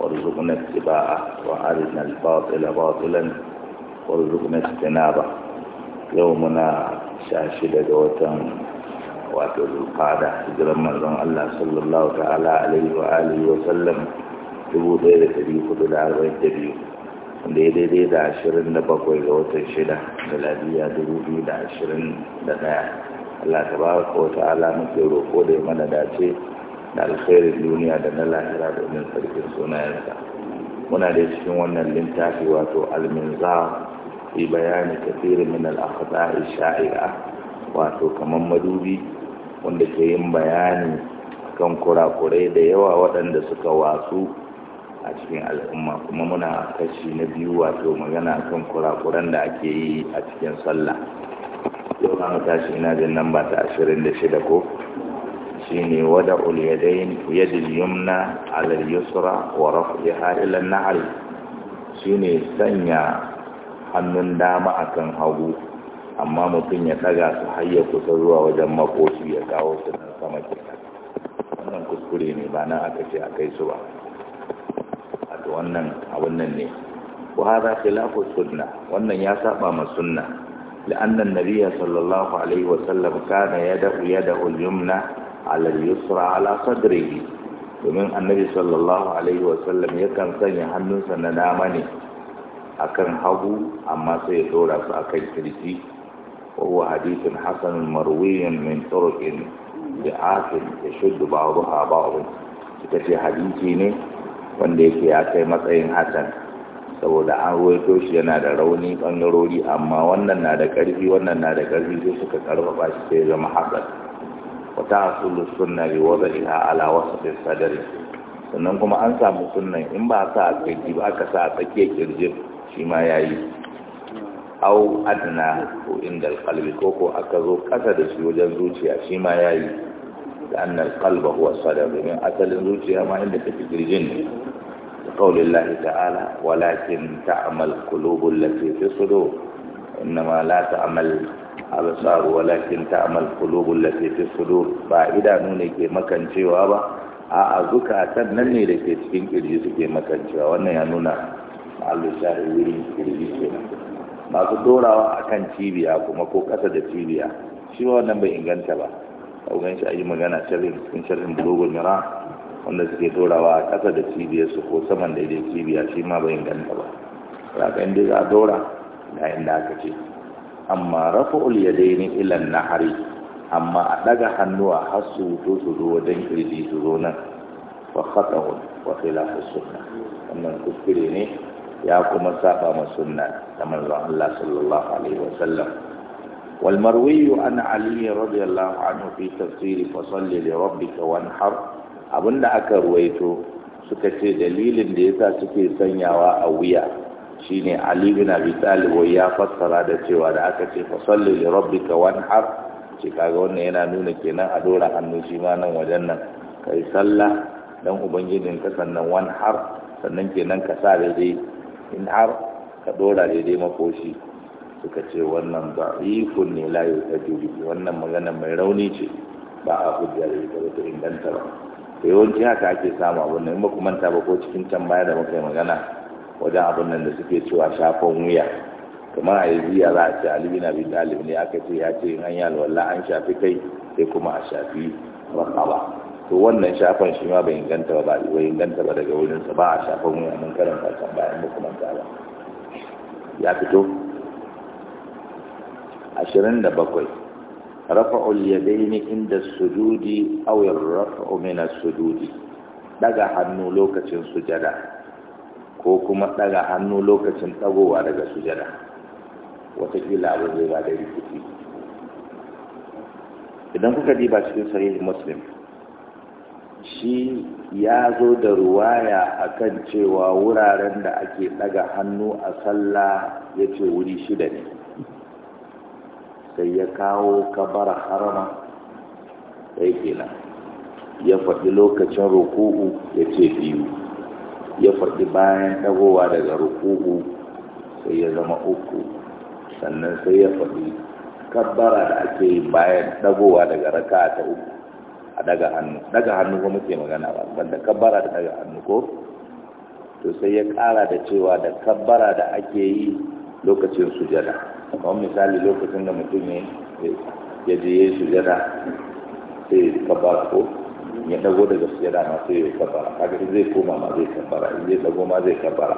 وارزقنا اتباعه وأرنا الباطل باطلا وارزقنا اجتنابه يومنا شاشد دوتا wato zulkada hijiran manzon Allah sallallahu ta'ala alaihi wa alihi wa sallam dubu ɗaya da ɗari hudu da arba'in da biyu wanda ya daidai da ashirin da bakwai ga watan shida da lafiya dubu biyu da ashirin da Allah ta muke da ya mana da alkhairin duniya da na lahira domin sarkin sunayensa muna da cikin wannan littafi wato alminza fi bayani kafiri min al sha'ira wato kamar madubi wanda ke yin bayani kan kurakurai da yawa waɗanda suka wasu a cikin al'umma kuma muna kashi na biyu wato magana kan kurakuran da ake yi a cikin sallah yau za mu tashi ina jin nan ta ashirin da shida ko shine wada ulyadain yadil yumna ala al-yusra wa raf'iha ila an-nahl shine sanya hannun dama akan hagu amma mutum ya ɗaga su har ya kusa zuwa wajen makoci ya kawo su nan sama kenan wannan kuskure ne ba nan aka ce a kai su ba wato wannan abun nan ne wa hada khilafu sunna wannan ya saba ma sunna la'anna an-nabiyya sallallahu alaihi wa sallam kana yada'u yada'u al-yumna ala yusra ala sadrihi domin annabi sallallahu alaihi wasallam yakan sanya hannunsa na dama ne akan hagu amma sai ya dora su akan kirji wa huwa hadithun hasanun ya min turuqin bi'atin yashuddu ba'daha ba'dhan ita ce hadisi ne wanda yake ya kai matsayin hasan saboda an ruwaito shi yana da rauni bangarori amma wannan na da ƙarfi wannan na da ƙarfi sai suka karfafa shi sai zama hasan وتحصل السنة بوضعها على وسط الصدر sannan kuma an samu sunan in ba sa a kirji ba aka sa a tsakiyar kirjin shi ma ya yi au adna ko inda al-kalbi ko ko aka zo ƙasa da shi wajen zuciya shi ma ya yi da annar kalba huwa sadar domin asalin zuciya ma inda tafi kirjin ne da kawulin lahi ta'ala walakin ta'amal kulubun lafi fi sudo innama la ta'amal absar walakin ta'mal qulubul lati fi sudur ba idanu ne ke makancewa ba a zukatan nan ne da ke cikin kirji ke makancewa wannan ya nuna Allah shahid kirji kenan masu dorawa akan cibiya kuma ko kasa da cibiya shi wannan bai inganta ba kawai shi a yi magana sharrin cikin sharrin bulogul mira wanda suke dorawa a kasa da cibiyarsu ko saman daidai cibiya shi ma bai inganta ba ka inda za a dora ga inda aka ce amma rafa'ul yadaini ila nahari amma a daga hannuwa har su to su zo wajen kirji su zo nan wa khata'un wa khilafu sunna wannan kuskure ne ya kuma saba ma sunna ta manzon Allah sallallahu alaihi wasallam wal marwi an ali radiyallahu anhu fi tafsiri fa salli li rabbika wanhar abinda aka ruwaito suka ce dalilin da yasa suke sanyawa a wuya Shi ne Ali bin Abi Talib ya fassara da cewa da aka ce fasalli li rabbika wanhar ce kaga wannan yana nuna kenan a dora hannu shi ma nan wajen nan kai sallah dan ubangijin ka sannan wanhar sannan kenan ka sa daidai in har ka dora daidai makoshi suka ce wannan da'ifun ne la yutaju wannan magana mai rauni ce ba a hujja da ita ba ta inganta ba yawanci haka ake samu abin nan in ba ku manta ba ko cikin can baya da muka yi magana wajen abin nan da suke cewa shafan wuya kamar a yanzu ya za a ce alibi na bin dalib ne aka ce ya ce in an yi alwallah an shafi kai sai kuma a shafi rakaba to wannan shafan shi ma bai inganta ba bai inganta ba daga sa ba a shafan wuya mun karanta can bayan ta ba ya fito ashirin da bakwai rafa'ul yadaini inda sujudi aw yarfa'u min as-sujudi daga hannu lokacin sujada ko kuma ɗaga hannu lokacin ɗagowa daga sujada watakila abin zai ba da rikici idan kuka diba cikin sahih muslim shi ya zo da ruwaya a kan cewa wuraren da ake ɗaga hannu a sallah ya ce wuri shida ne sai ya kawo kabara harama sai kenan ya faɗi lokacin ruku'u ya ce biyu ya faɗi bayan ɗagowa daga rukuku sai ya zama uku sannan sai ya faɗi kabbara da ake yi bayan ɗagowa daga raka ta uku a daga hannu daga hannu ko muke magana ba banda kabbara da daga hannu ko to sai ya ƙara da cewa da kabbara da ake yi lokacin sujada kamar misali lokacin da mutum ya je sujada sai kabbara ko ya dago daga sujada ma masu ya kafara kaga in zai koma ma zai kafara in zai dago ma zai kafara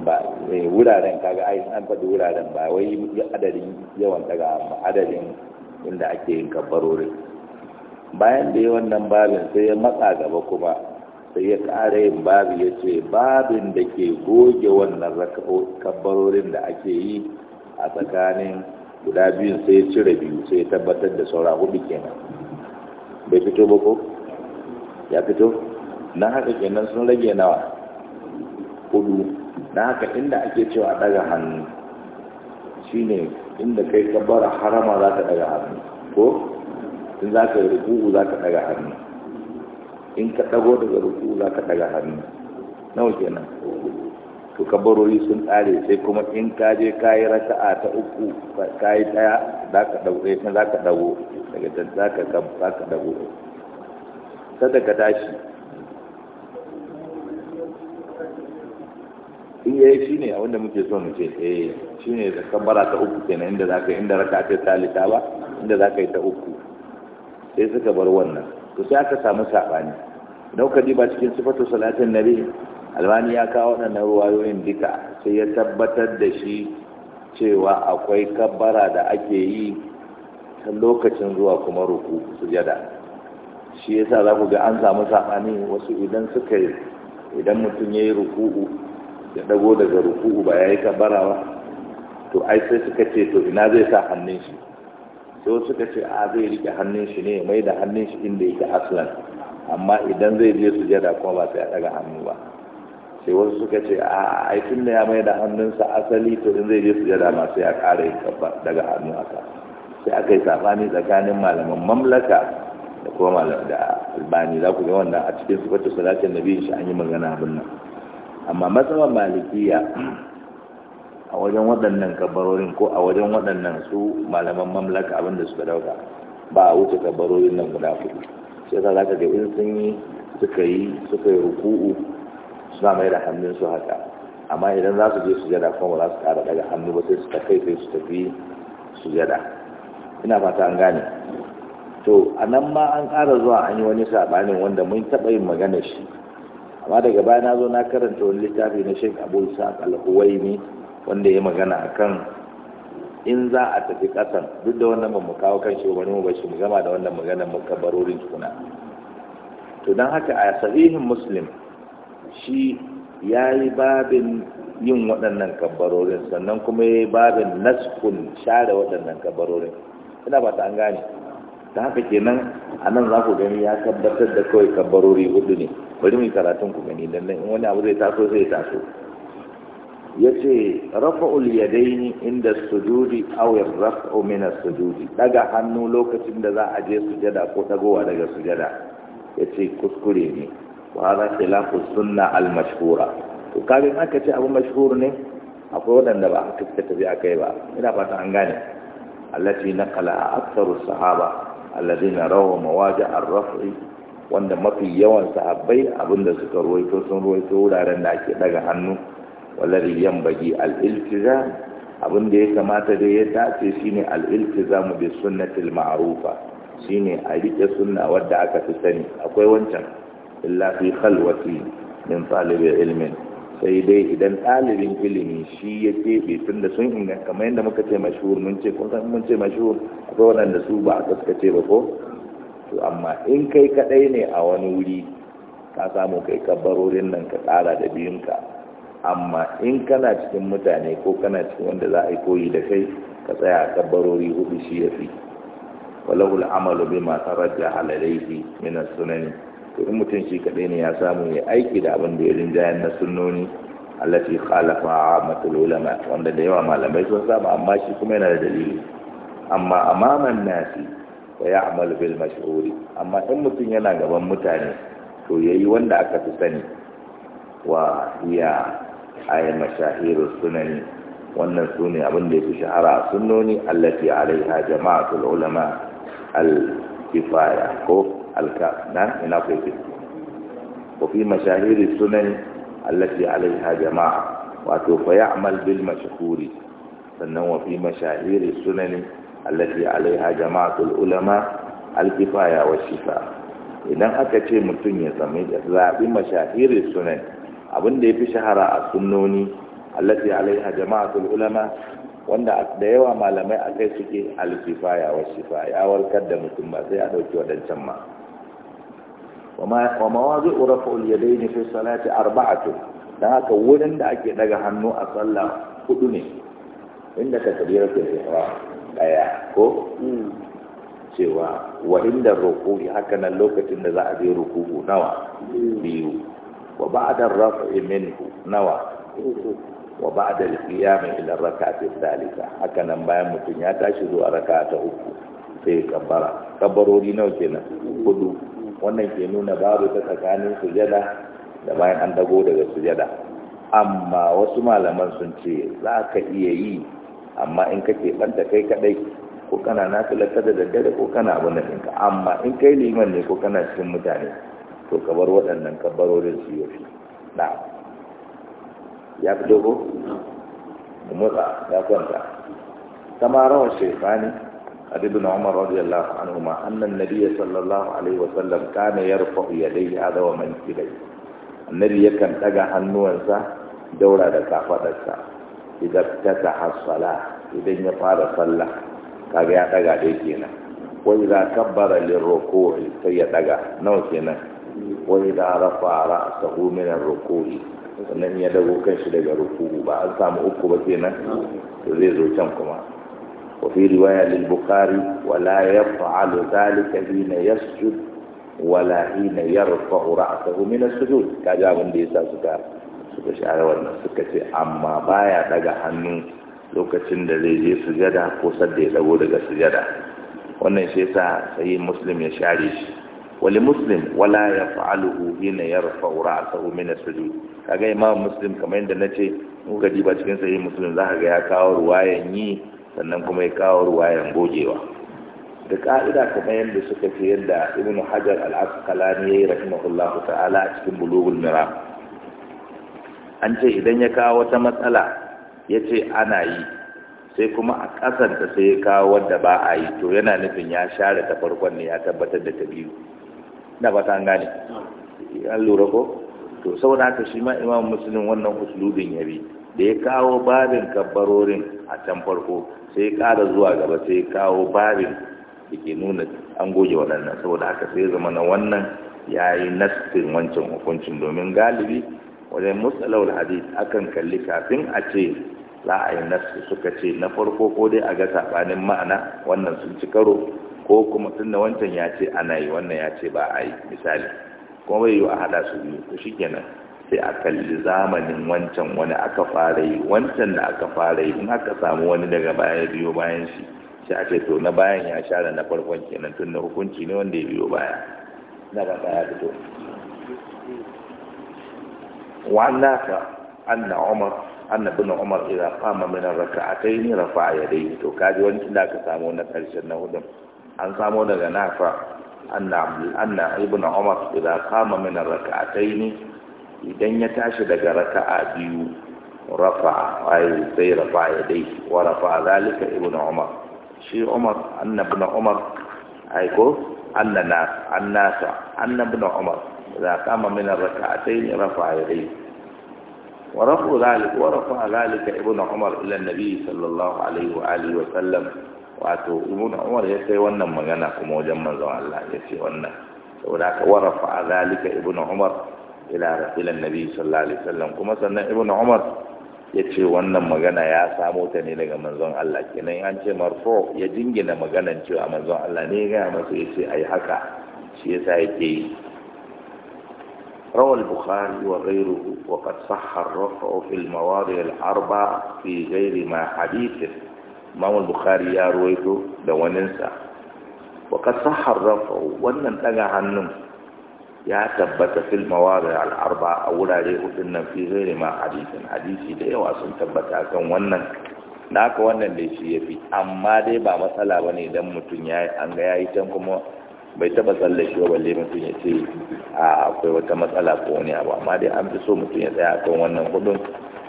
ba eh, wuraren kaga ai an faɗi wuraren ba wai adadin yawan daga adadin inda ake yin bayan da ya wannan babin sai ya matsa gaba kuma sai ya ƙara yin babu ya ce babin da ke goge wannan kafarorin da ake yi a tsakanin guda biyun sai ya cire biyu sai ya tabbatar da saura hudu kenan bai fito ba ko ya fito na haka kenan sun rage nawa hudu na haka inda ake cewa daga hannu shine inda kai ka bara harama za ka daga hannu ko in za ka yi rukuku za ka daga hannu in ka dago daga rukuku za ka daga hannu nawa kenan to kabarori sun tsare sai kuma in ka je ka yi a ta uku ka yi daya za ka dago eh, daga can za ka dago kada ka tashi iya shi ne wanda muke so mu ce eh shi ne da kambara ta uku kenan inda za ka inda raka ta talita ba inda za ka yi ta uku sai suka bar wannan to sai aka samu sabani daukadi ba cikin sifatu salatin nabi albani ya kawo waɗannan ruwayoyin duka sai ya tabbatar da shi cewa akwai kabbara da ake yi ta lokacin zuwa kuma ruku sujada shi ya sa za ku ga an samu saɓani wasu idan suka yi idan mutum ya yi ruku'u ya dago daga ruku'u ba ya yi kabara ba to ai sai suka ce to ina zai sa hannun shi sai wasu suka ce a zai rike hannun shi ne ya mai da hannun shi inda yake aslan amma idan zai je su jada kuma ba sai ya daga hannu ba sai wasu suka ce a ai tun da ya mai da hannunsa asali to in zai je su jada ma sai ya ƙara yin daga hannu haka sai aka yi saɓani tsakanin malaman mamlaka da kuma da albani za ku yi wannan a cikin sifatu salatin biyu shi an yi magana abin nan amma matsawar malikiya a wajen waɗannan kabarorin ko a wajen waɗannan su malaman mamlaka abin da suka dauka ba a wuce kabarorin nan guda hudu sai za ka ga in sun yi suka yi suka yi ruku'u suna mai da hannun su haka amma idan za su je su sujada kuma ba za su kara daga hannu ba sai su ta kai sai su tafi su sujada ina fata an gane to a nan ma an ƙara zuwa an yi wani saɓanin wanda mun taɓa yin magana shi amma daga baya na zo na karanta wani littafi na shek abu isa alhuwaimi wanda ya magana a kan in za a tafi ƙasan duk da wannan mu kawo kan shi wani mu mu gama da wannan magana mu kabarorin tukuna to don haka a sahihin muslim shi ya yi babin yin waɗannan kabarorin sannan kuma ya yi babin naskun share waɗannan kabarorin ina ba ta an gane ta haka kenan a nan za ku gani ya tabbatar da kawai kabbarori hudu ne bari mai karatun ku gani dan in wani abu zai taso zai taso Ya yace rafa yadaini inda sujudi aw yarfa'u min as-sujudi daga hannu lokacin da za a je sujada ko dagowa daga sujada Ya ce, kuskure ne wa hada khilafu sunna al-mashhura to kabin aka ce abu mashhur ne akwai waɗanda ba aka tafi kai ba ina fata an gane allati naqala aktharu sahaba alladhina rawa mawaja ar-raf'i wanda mafi yawan sahabbai abinda suka ruwaito sun ruwaito wuraren da ake daga hannu wallahi bagi al-iltizam abinda ya kamata da ya dace shine al-iltizamu bi sunnati marufa shine a rike sunna wadda aka fi sani akwai wancan illa fi khalwati min talibi ilmin sai dai idan ɗalibin ilimi shi ya keɓe tun da sun inganta kamar yadda muka ce mashuhur mun ce kun san mun ce mashuhur akwai waɗanda su ba a kaskace ba ko to amma in kai kaɗai ne a wani wuri ka samu kai kabarorin nan ka ƙara da biyunka amma in kana cikin mutane ko kana cikin wanda za a yi koyi da kai ka tsaya a kabarori hudu shi ya fi walahul amalu bima tarajja alalaihi min as-sunani to in mutum shi kaɗai ne ya samu ya aiki da abin da ya rinjayen na sunnoni allati khalafa matul ulama wanda da yawa malamai sun samu amma shi kuma yana da dalili amma amaman nasi ya ya'mal bil mashhuri amma in mutum yana gaban mutane to yayi wanda aka fi sani wa iya ay mashahirus sunani wannan sune abin da fi shahara sunnoni allati alaiha jama'atul ulama al kifaya ko alka nan ina ku yake wa fi mashahiri sunan allati alaiha jama'a wato fa ya'mal bil mashhuri sannan wa fi mashahiri sunan allati alaiha jama'atul ulama alkifaya wa shifa idan aka ce mutum ya sami zaɓi mashahiri sunan abin da ya fi shahara a sunnoni allati alaiha jama'atul ulama wanda da yawa malamai a kai suke alkifaya wa shifa ya warkar da mutum ba sai a ɗauki waɗancan ma wa mawazi urafa'ul yadaini fi salati arba'atu dan haka wurin da ake daga hannu a sallah hudu ne inda ka kabira ke ihram daya ko cewa wa inda ruku'i lokacin da za a je ruku'u nawa biyu wa ba'da raf'i minhu nawa wa ba'da al-qiyam ya tashi zuwa raka ta uku sai kabbara nawa kenan wannan ke nuna babu ta tsakanin sujada da bayan an dago daga sujada amma wasu malaman sun ce za ka iya yi amma in ka keɓanta kai kaɗai ko kana nafilar ta da daddare ko kana abu na ɗinka amma in kai liman ne ko kana cikin mutane to ka bar waɗannan ka barorin su yoshi na ya fi dogo ko? motsa ya kwanta kama rawar shekani عن ابن عمر رضي الله عنهما أن النبي صلى الله عليه وسلم كان يرفع يديه هذا ومن إليه النبي يكن تقع النوانسة دورة كافتك إذا افتتح الصلاة إذا يطار صلى كاقع تقع ديكينا وإذا كبر للركوع سيتقع نوكينا وإذا رفع رأسه من الركوع sannan ya dago kan shi daga rukuku ba an samu uku ba kenan zai zo can kuma وفي رواية للبخاري ولا يفعل ذلك حين يسجد ولا حين يرفع رأسه من السجود كجاب دي سكر suka share wannan suka ce amma baya daga hannu lokacin da zai je sujada ko sadda ya dago daga sujada wannan shi yasa sai muslim ya share shi wali muslim wala yaf'aluhu hina yarfa'u ra'sahu min as-sujud kaga imam muslim kamar yadda nace in ka diba cikin sahih muslim zaka ga ya kawo ruwayan yi sannan kuma ya kawo ruwayan gogewa da ka'ida kuma yadda suka ce yadda ibn hajar ya yi yayi rahimahullah ta'ala a cikin bulughul mira an ce idan ya kawo wata matsala ya ce ana yi sai kuma a kasanta sai ya kawo wadda ba a yi to yana nufin ya share ta farkon ne ya tabbatar da ta biyu na ba ta gane an lura ko to saboda haka shi ma imam muslim wannan usulubin ya bi da ya kawo babin kabbarorin a can farko sai kara zuwa gaba sai kawo babin da ke nuna an goge waɗannan saboda haka sai zama na wannan ya yi nastin wancan hukuncin domin galibi wajen mutsalawar hadis akan kalli kafin a ce za a yi nastin suka ce na farko ko dai a ga saɓanin ma'ana wannan sun ci karo ko kuma tun da wancan ya ce ana yi wannan ya ce ba a yi misali kuma bai yi a haɗa su biyu to shi kenan sai a kalli zamanin wancan wani aka fara yi wancan da aka fara yi in aka samu wani daga baya biyo bayan shi shi a ce to na bayan ya share na farkon kenan tun na hukunci ne wanda ya biyo baya na ba baya fito wa ka anna umar anna bin umar idan qama min rak'atayn rafa'a yadayhi to kaji wancan da aka samu na karshen na hudun an samu daga nafa anna anna ibnu umar idan qama min rak'atayn idan ya tashi daga raka a biyu rafa ai sai rafa ya dai wa rafa zalika ibnu umar shi umar annabi na umar ai ko annana annasa annabi na umar za kama min raka'atayn rafa ya dai wa rafa zalika wa rafa zalika ibnu umar ila nabi sallallahu alaihi wa alihi wa sallam wato ibnu umar ya sai wannan magana kuma wajen manzon Allah ya ce wannan saboda ka warafa zalika ibnu umar ila ila nabi sallallahu alaihi wasallam kuma sannan ibnu umar ya ce wannan magana ya samo ta ne daga manzon Allah kenan an ce marfo ya jingina maganan cewa manzon Allah ne ya gaya masa ya ce ai haka shi yasa yake yi روى البخاري وغيره وقد صح الرفع في المواضع الأربع في غير ما حديثه إمام البخاري يا رويته دوننسا وقد صح الرفع ونن تغا ya tabbata fil al arba a wurare hudun nan fi zai ma hadisin hadisi da yawa sun tabbata kan wannan da haka wannan da shi ya fi amma dai ba matsala ba ne idan mutum ya yi an ga ya yi can kuma bai taba tsallake ba balle mutum ya ce a akwai wata matsala ko wani abu amma dai an fi so mutum ya tsaya kan wannan hudun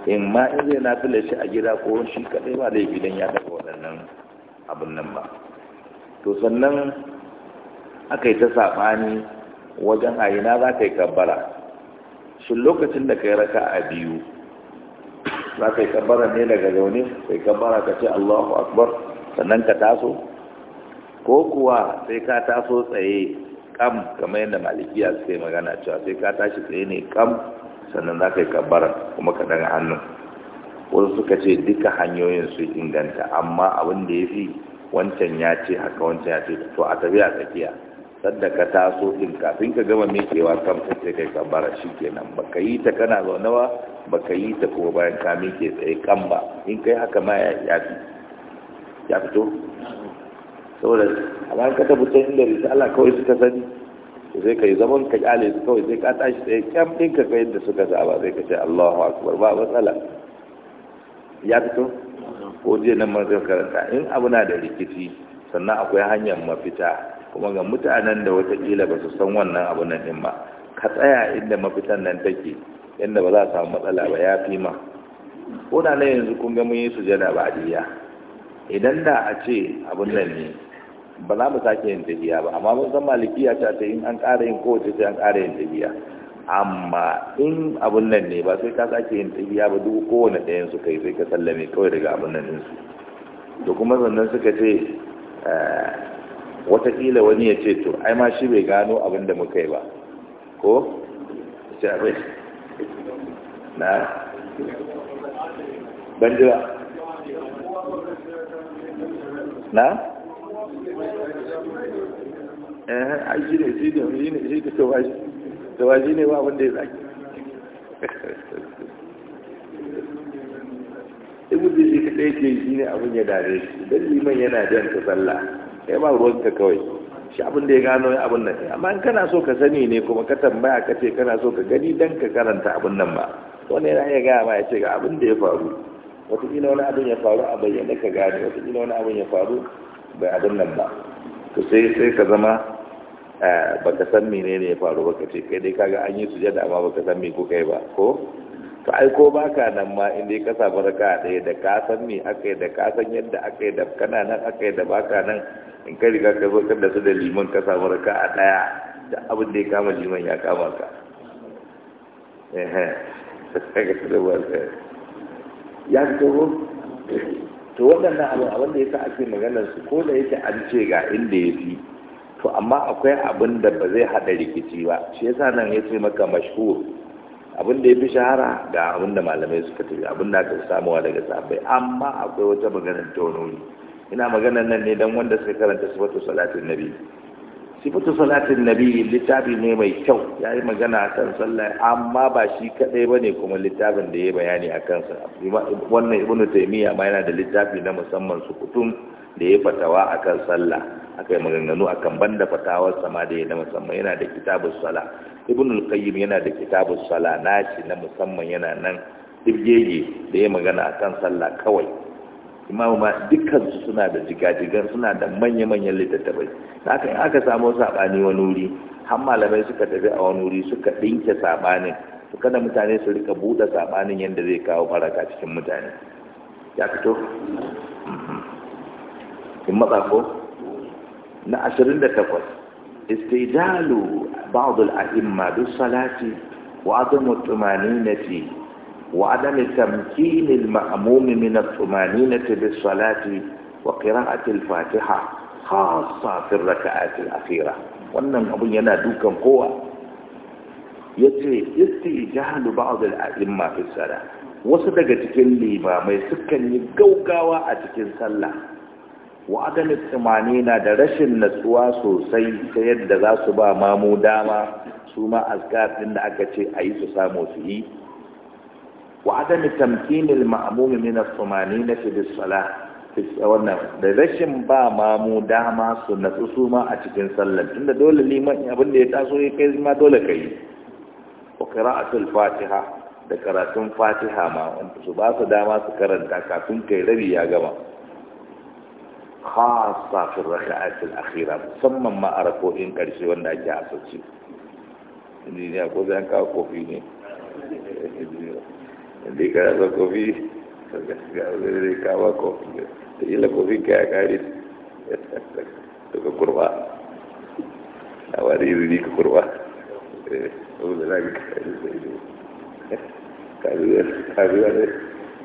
in ma in zai na fi shi a gida ko shi kadai ba laifi don ya daga waɗannan abin nan ba to sannan aka yi ta saɓani wajen a ina za ka yi kabbara shi lokacin da ka yi raka a biyu za ka yi kabbara ne daga zaune ka yi kabbara ka ce allahu akbar sannan ka taso ko kuwa sai ka taso tsaye kam kamar yadda malikiya suka magana cewa sai ka tashi tsaye ne kam sannan za ka yi kabbara kuma ka daga hannun wasu suka ce duka hanyoyin su inganta amma abin da ya fi wancan ya ce haka wancan ya ce to a tafiya tsakiya sadda ka taso din kafin ka gama mikewa kan sai kai kabbara kenan baka yi ta kana zaune ba baka yi ta ko bayan ka mike tsaye kan ba in kai haka ma ya ya fito saboda amma ka tabbatar inda risala kawai suka sani sai ka yi zaman ka kyale su kawai sai ka tashi tsaye kyam ɗin ka kai da suka saba sai ka ce Allahu akbar ba matsala ya fito ko je nan mun karanta in abu na da rikici sannan akwai hanyar mafita kuma ga mutanen da watakila ba su san wannan abu nan din ba ka tsaya inda mafitan nan take inda ba za a samu matsala ba ya fi ma ko da nan yanzu kun ga mun yi sujada ba adiya idan da a ce abun nan ne ba za mu sake yin tafiya ba amma mun san malikiya ta ta in an ƙara yin kowace sai an ƙara yin tafiya amma in abun nan ne ba sai ka sake yin tafiya ba duk kowane ɗayan su kai sai ka sallame kawai daga abun nan ɗinsu to kuma sannan suka ce eh, watakila wani ya ce to ai ma shi bai gano abin da muka yi ba ko? shafi na banjira na? eh ai shi ne shi ne shi ne tawaji tawaji ne ba wanda ya zaki ibu da shi kaɗai ke shi ne abin ya dare shi don liman yana jan ta sallah kai ba ka kawai shi abin da ya gano ya abin nan amma in kana so ka sani ne kuma ka tambaya ka ce kana so ka gani dan ka karanta abin nan ba wani yana iya gaya ma ya ce ga abin da ya faru ina wani abin ya faru a bayyana ka gane ina wani abin ya faru bai abin nan ba to sai sai ka zama eh, baka san ne ya faru baka ce kai dai kaga an yi sujada amma baka san me kuka yi ba ko to ai ko baka nan ma in dai ka samu raka ɗaya da ka san me aka yi da ka san yadda aka yi da kana nan aka yi da baka nan in ka riga ka zo kan da su da liman ka samu raka a ɗaya da abin da ya kama liman ya kama ka ya fito to waɗannan abin abin da ya sa ake maganar su ko da yake an ce ga inda ya fi to amma akwai abin da ba zai haɗa rikici ba shi yasa nan ya ce maka mashhur abin da ya fi shahara ga abin da malamai suka tafi abin da aka samuwa daga sabai amma akwai wata maganar ta wani ina maganar nan ne don wanda suka karanta sifatu salatin nabi sifatu salatin nabi littafi ne mai kyau ya yi magana a sallah amma ba shi kadai ba ne kuma littafin da ya bayani a kansa wannan ibnu taimiyya ma yana da littafi na musamman su kutum da ya fatawa akan kan sallah aka yi maganganu a kan banda fatawar sama da ya na musamman yana da kitabun sala ibnu qayyim yana da kitabun sala nashi na musamman yana nan ibgege da ya magana akan sallah kawai imamu ma suna da jigajigar suna da manya-manyan littattafai aka yi aka samu saɓani wani wuri har malamai suka tafi a wani wuri suka ɗinke saɓanin su kada mutane su rika buɗe sabanin yadda zai kawo faraka cikin mutane ya fito in matsa ko na ashirin da takwas istijalu ba'udul a'imma duk salati wa na tumaninati وعدم تمكين المأموم من الطمأنينة بالصلاة وقراءة الفاتحة خاصة في الركعات الأخيرة وأنا أبو ينادوك قوة يتي يتي جهل بعض الأئمة في الصلاة وصدق تكن لي ما ما يسكن يجوكاوا أتكن صلاة وعدم الطمأنينة درش النسوة سوسي سيد دغاسوبا مامو داما سوما أزكار لنا أكتشي أي سامو فيه وعدم تمكين المأموم من الطمأنينة بالصلاة wannan da rashin ba mamu dama su natsu su ma a cikin sallar tunda dole liman abin da ya taso ya kai ma dole kai wa qira'atul fatiha da karatun fatiha ma wanda su ba su dama su karanta kafin kai rabi ya gama khassa fi raka'atil akhira musamman ma a rako'in karshe wanda ake asirci ne ko zan kawo kofi ne da ka yasa kofi da kawo kofi da ila kofi ka ya kare to ka kurba a ka kurba wanda za ka kare da ido kazuwa ne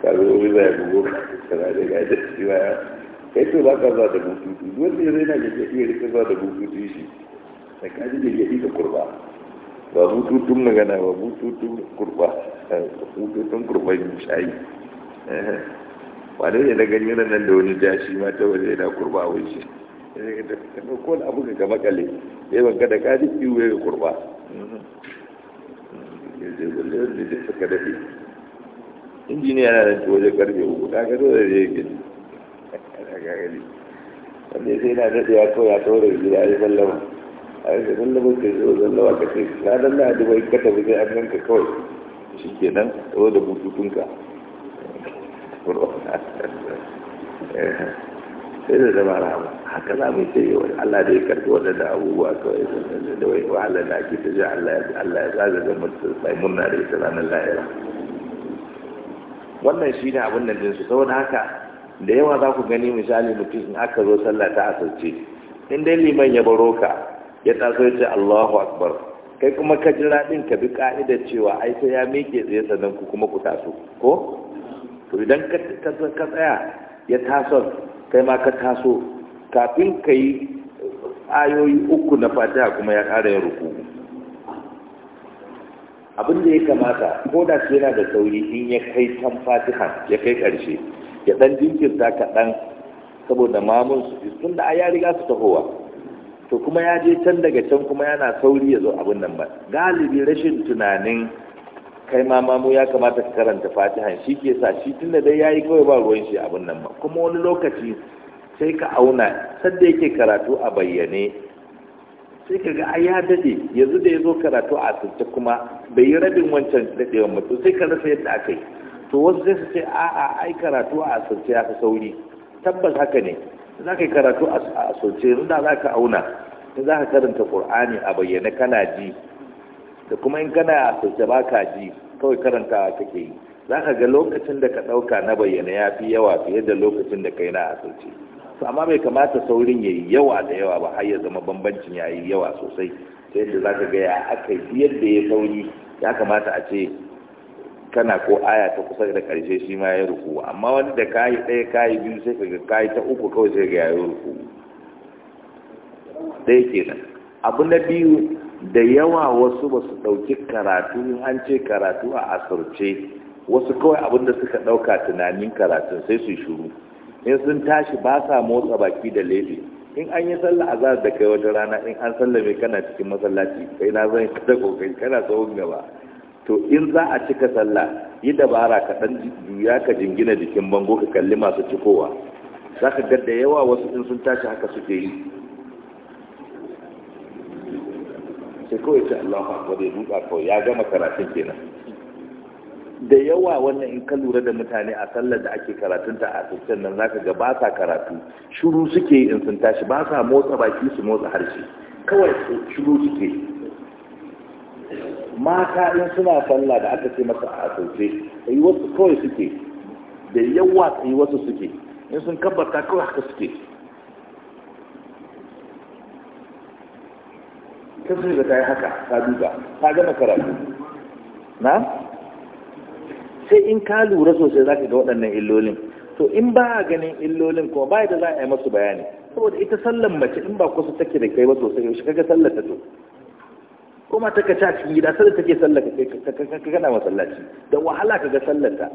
kazuwa wani zai gugu da gajen shi baya kai to ba ka zuwa da bututu wanda ya zai na gajen iya rika zuwa da bututu shi da kaji da gajen ka kurba ba bututun magana ba bututun sun kurɓar shayi eh, wane ne na ganyen yana nan da wani jashi ma ta waje yana kurɓa wai shi ko da abu ga makale sai ban kada ka kaji iwu ya kurɓa eh, injiniya na da waje karfe uku ta ga dole ne gini wanda sai na daɗe ya kawai ya taura gida ya sallama a yau sallama ke zo sallama ka ce na dan na dubai ka tafi sai an ganka kawai shi ke nan tsawo da bututunka sai da zama rama haka za mu sai wani Allah da ya karfi waɗanda abubuwa kawai da wai wahala da ake ta ji Allah ya zaga zama mai murna da ita ranar lahira wannan shi ne abin da jinsu wani haka da yawa za ku gani misali mutum in aka zo sallah ta asarce in dai liman ya baro ka ya taso ya ce Allahu akbar kai kuma ka jira din ka bi ka'idar cewa ai sai ya miƙe tsaye sannan ku kuma ku taso ko to idan ka tsaya ya taso kai ma ka taso kafin ka yi ayoyi uku na fatiha kuma ya ƙara yin ruku abin da ya kamata ko da su yana da sauri in ya kai can fatiha ya kai ƙarshe ya ɗan jinkirta kaɗan saboda mamun su tun da a ya riga su tahowa to kuma ya je can daga can kuma yana sauri ya zo abin nan ba galibi rashin tunanin kai ma mamu ya kamata ka karanta fatihan shi ke sa shi tunda dai ya yi kawai ba ruwan shi abin nan ba kuma wani lokaci sai ka auna sadda yake karatu a bayyane sai ka ga ya dade yanzu da ya zo karatu a asirce kuma bai yi rabin wancan dadewan mutu sai ka rasa yadda aka yi to wasu zai su ce a'a ai karatu a asirce ya fi sauri tabbas haka ne za ka yi karatu a asirce yanzu da za ka auna in za ka karanta ƙur'ani a bayyane kana ji da kuma in kana sauke ba ka ji kawai karantawa kake yi za ka ga lokacin da ka ɗauka na bayyana ya fi yawa fiye da lokacin da ka yi na asirce to amma bai kamata saurin ya yi yawa da yawa ba har ya zama bambancin ya yi yawa sosai ta yadda za ka ga ya aka yi yadda ya sauri ya kamata a ce kana ko aya ta kusa da karshe shi ma ya ruku amma wani da kayi ɗaya kayi biyu sai ka ga kayi ta uku kawai sai ga ya yi ruku ɗaya kenan abu na biyu da yawa wasu ba su ɗauki karatu an ce karatu a asirce wasu kawai abin da suka ɗauka tunanin karatun sai su shuru in sun tashi ba sa motsa baki da lefi in an yi sallah a da kai wata rana in an sallame kana cikin masallaci kai na zan kada kokari kana tsawon gaba to in za a cika sallah yi dabara ka dan juya ka jingina jikin bango ka kalli masu cikowa ka ga da yawa wasu in sun tashi haka suke yi sai kawai ce ma akbar ya duka kawai ya gama karatun kenan da yawa wannan in ka lura da mutane a sallar da ake karatunta a asircen nan zaka ga ba sa karatu shiru suke yi in sun tashi ba sa motsa baki su motsa harshe kawai shiru suke mata in suna sallah da aka ce masa a asirce yi wasu kawai suke da yawa yi wasu suke in sun kabbata kawai haka suke ta su da ta yi haka ka duba ka gama karatu na sai in ka lura sosai za ka ga waɗannan illolin to in ba a ganin illolin kuma ba da za a yi masu bayani saboda ita sallan mace in ba kusa take da kai ba sosai yaushe kaga sallar ta to kuma ta kaci a cikin gida sallar take sallar ka kai kana masallaci da wahala ka sallar ta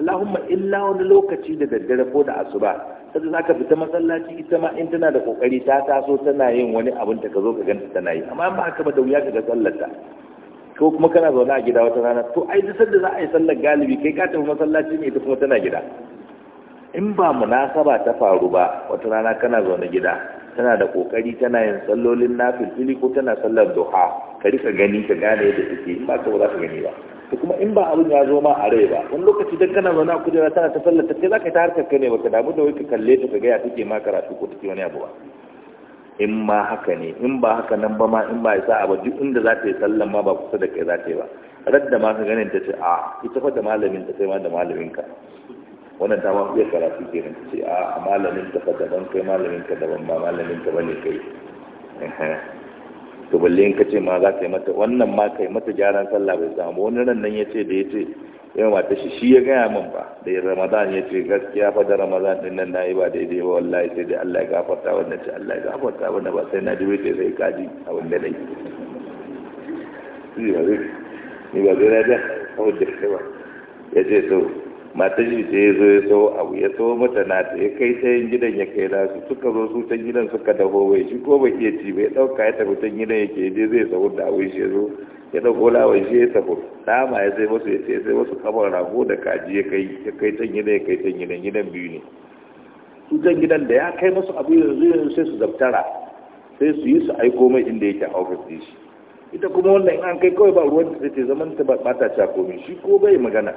Allahumma illa wani lokaci da daddare ko da asuba sai za ka fita masallaci ita ma in tana da kokari ta taso tana yin wani abin ta ka zo ka ganta tana yi amma ba haka da wuya ka ga sallarta ko kuma kana zaune a gida wata rana to ai duk da za a yi sallar galibi kai ka tafi masallaci ne ita kuma tana gida in ba munasaba ta faru ba wata rana kana zaune gida tana da kokari tana yin sallolin nafil ko tana sallar duha ka rika gani ka gane yadda take in ba ka ba za ka gani ba to kuma in ba abin ya zo ma a rai ba wani lokaci don kana zauna kujera tana ta sallata za kai yi ta harkar kai ne ka damu da wai ka kalle ta ka gaya ya take ma karatu ko take wani abu ba in ma haka ne in ba haka nan ba ma in ba ya sa abu duk inda za ta yi sallan ma ba kusa da kai za ta yi ba radda ma ka ganin ta ce a ita fa da malamin ta sai ma da malamin ka wannan ta ma iya karatu nan ta ce a malamin ta fa daban kai malamin ka daban ba malamin ka bane kai to balle in ka ce ma za ka yi mata wannan ma ka yi mata gyaran sallah bai samu wani ran nan ya ce da ya ce yawan mata shi shi ya gaya min ba da ramadan ya ce gaskiya fa da ramadan din nan nayi ba daidai ba wallahi sai dai Allah ya gafarta wannan ce Allah ya gafarta wannan ba sai na dubi sai sai kaji a wannan dai ni ba zai ni ba zai da a ba ya ce to matar shi sai zo ya so abu ya so mata na ta ya kai sayan gidan ya kai nasu suka zo su ta gidan suka daho bai shi ko bai iya ci bai ɗauka ya tafi ta gidan ya ke je zai sahur da abin shi ya zo ya ɗauko lawan shi ya sahur ma ya sai masu ya ce sai masu kamar rago da kaji ya kai ya kai ta gidan ya kai ta gidan gidan biyu ne su ta gidan da ya kai masu abu yanzu yanzu sai su zaftara sai su yi su aiko mai inda yake a ofis ɗin shi ita kuma wannan an kai kawai ba ruwan da ta ce zaman ta ba ta cakomi shi ko bai magana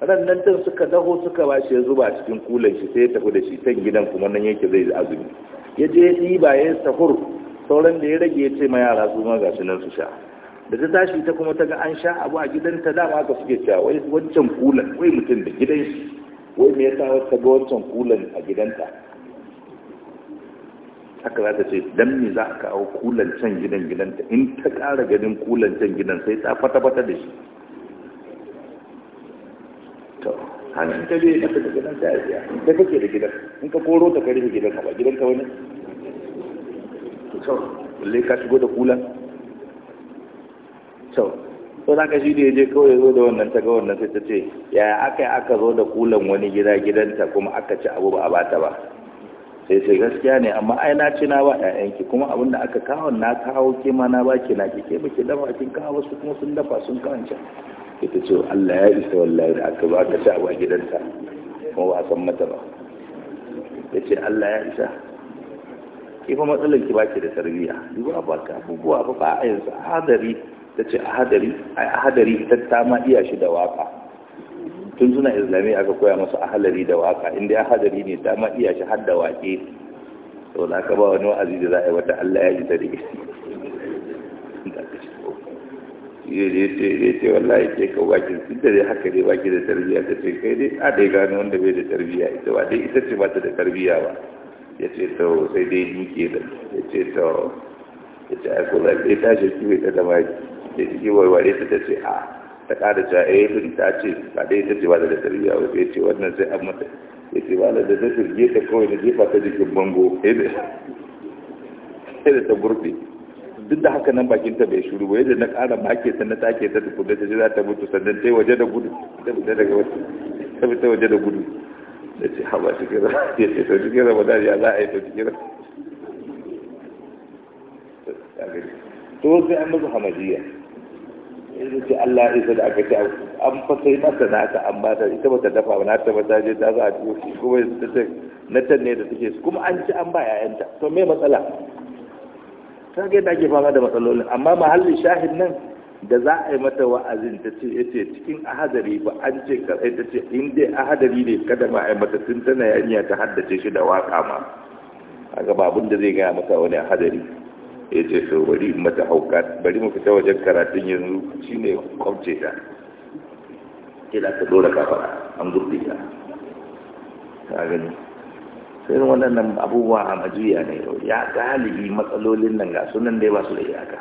rannan din suka daho suka ba shi ya zuba cikin kulan shi sai ya tafi da shi can gidan kuma nan yake zai azumi ya je ya ɗiba ya sahur sauran da ya rage ya ce ma yara su ma gashi nan su sha da ta tashi ta kuma ta ga an sha abu a gidanta dama haka suke cewa wai wancan kulan wai mutum da gidan shi wai me yasa ta ga wancan kulan a gidanta haka za ta ce dan me za a kawo kulan can gidan gidanta in ta ƙara ganin kulan can gidan sai ta fata-fata da shi to hannun ta bai mata da gidan ta yi ta kake da gidan in ka koro ta kare gidan ka ba gidan ka wani to balle ka shigo da kula to to za ka shi da ya je kawai zo da wannan ta ga wannan sai ta ce ya aka yi aka zo da kulan wani gida gidanta kuma aka ci abu ba a bata ba sai sai gaskiya ne amma ai na ci na ba ƴaƴanki kuma abin da aka kawo na kawo ke ma na baki na ke ke baki dafa kin kawo su kuma sun dafa sun kawo ita ce Allah ya isa wallahi da aka ba ka ci a gidanta kuma ba a san mata ba ya ce Allah ya isa ki fa matsalar ki baki da tarbiyya duk ba ka abubuwa ba ba a yanzu hadari ta ce a hadari a hadari ta ta ma iya shi da waka tun suna islami aka koya masu a hadari da waka inda ya hadari ne ta ma iya shi har da wake to na ka ba wani wa'azi da za a yi wata Allah ya isa da ya ce wallahi ke ka waki duk da dai haka dai waki da tarbiyya ta ce kai dai a dai gano wanda bai da tarbiyya ita ba dai ita ce ba ta da tarbiyya ba ya ce to sai dai duke da ya ce to ya ce a kula ɗaya ta shi kiwo ita da mai ce ciki warware ta ce a ta kada ta a yi ta ce ba dai ita ce ba ta da tarbiyya ba ya ce wannan sai an mata ya ce ba da da ta firge ta kawai da jefa ta jikin bango ya da ta burbe duk da haka nan bakin ta bai shuru ba da na ƙara make ta na take ta tukunna ta za ta mutu sannan sai waje da gudu ta fita daga wata ta fita waje da gudu da ce ha ba cikin rama ya ce to cikin rama da ya za a yi ta cikin rama to sai an musu hamadiyya yanzu ce Allah ya isa da aka ce an fasai masa na aka an ba ta ita ba ta dafa ba na ta ba ta je ta za a ciwo kuma na ta ne da take kuma an ci an ba 'ya'yanta to me matsala ta ga da ake fama da matsalolin amma mahallin shahin nan da za a yi mata wa'azin ta ce ya ce cikin ahadari ba an ce karai eh, ta ce in dai ahadari ne kada ma a yi mata tun tana yanya ta haddace shi da waka ma a gaba abin da zai gaya mata wani ahadari ya ce so bari mata hauka bari mu fita wajen karatun yanzu shi ne kwamce ta ke da ta dora kafa an gurbe ta ta gani irin waɗannan abubuwa a majiya ne ya galibi matsalolin nan ga sunan dai ba su da iyaka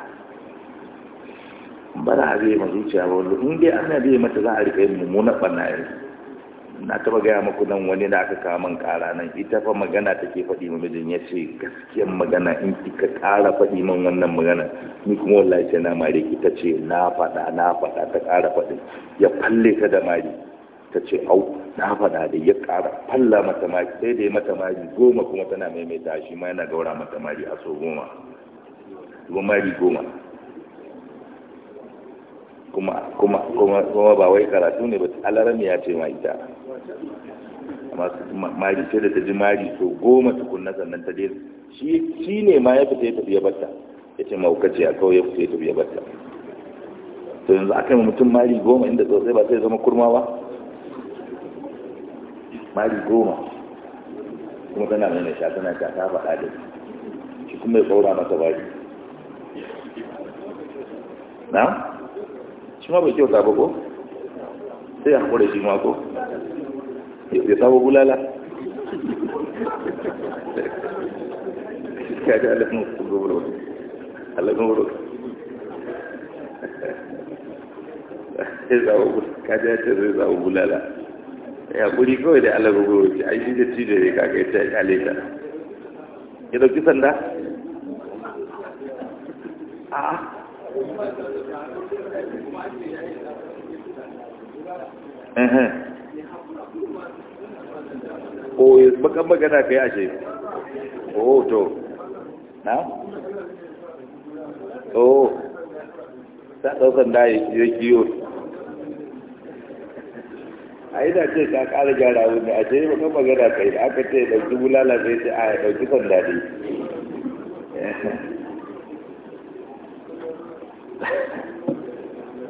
bana a zai mai zuciya ba wani in dai ana zai mata za a rika yin mummunan ɓanna na taba gaya maku nan wani da aka kawo man ƙara nan ita fa magana take faɗi mijin ya ce gaskiyan magana in ka ƙara faɗi man wannan magana ni kuma wallahi na mari ita ce na faɗa na faɗa ta ƙara faɗi ya falle ta da mari ta ce au na faɗa da ya ƙara falla mata mari sai da ya mata mari goma kuma tana maimaita shi ma yana gaura mata mari a so goma kuma mari goma kuma kuma kuma kuma ba wai karatu ne ba alarami ya ce ma ita amma mari sai da ta ji mari so goma tukunna sannan ta dai shi shi ne ma ya fita ya tafi ya batta ya ce maukaci a kawai ya fita ya tafi ya batta to yanzu akai mutum mari goma inda tsotsai ba sai zama kurma ba mari goma kuma tana mai sha tana ta ta faɗa da shi kuma ya ƙaura mata bari na shi ma bai kyau ta ko sai ya haƙura shi ma ko ya sabo bulala ya ji alafin gobro alafin gobro ka ji ya ce zai sabo bulala ya kuri kawai da Allah gogo ce a yi da ci da ne kaga ita kyale ta ya dauki sanda a eh ko bakan magana kai ashe o to na o ta daukan da ya kiyo a ina ce ka ƙara gyara wani a ce maka magana kai da aka ce ɗauki bulala sai ce a ɗauki sanda ne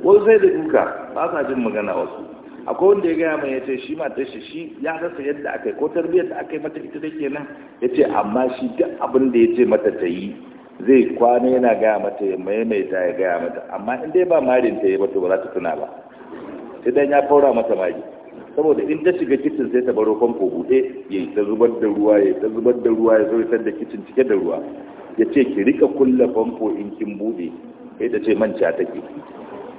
wasu sai da duka ba sa jin magana wasu akwai wanda ya gaya mai ya ce shi matar shi shi ya rasa yadda aka yi ko tarbiyyar da aka yi mata ita da kenan ya ce amma shi duk abin da ya ce mata ta yi zai kwana yana gaya mata ya maimaita ya gaya mata amma in dai ba marin ta yi ba to ba za ta tuna ba sai dan ya faura mata magi saboda in ta shiga kicin sai ta baro famfo bude, ya ta zubar da ruwa ya ta zubar da ruwa ya zoitar da kicin cike da ruwa ya ce ki rika kulla famfo in kin buɗe sai ta ce manca ke.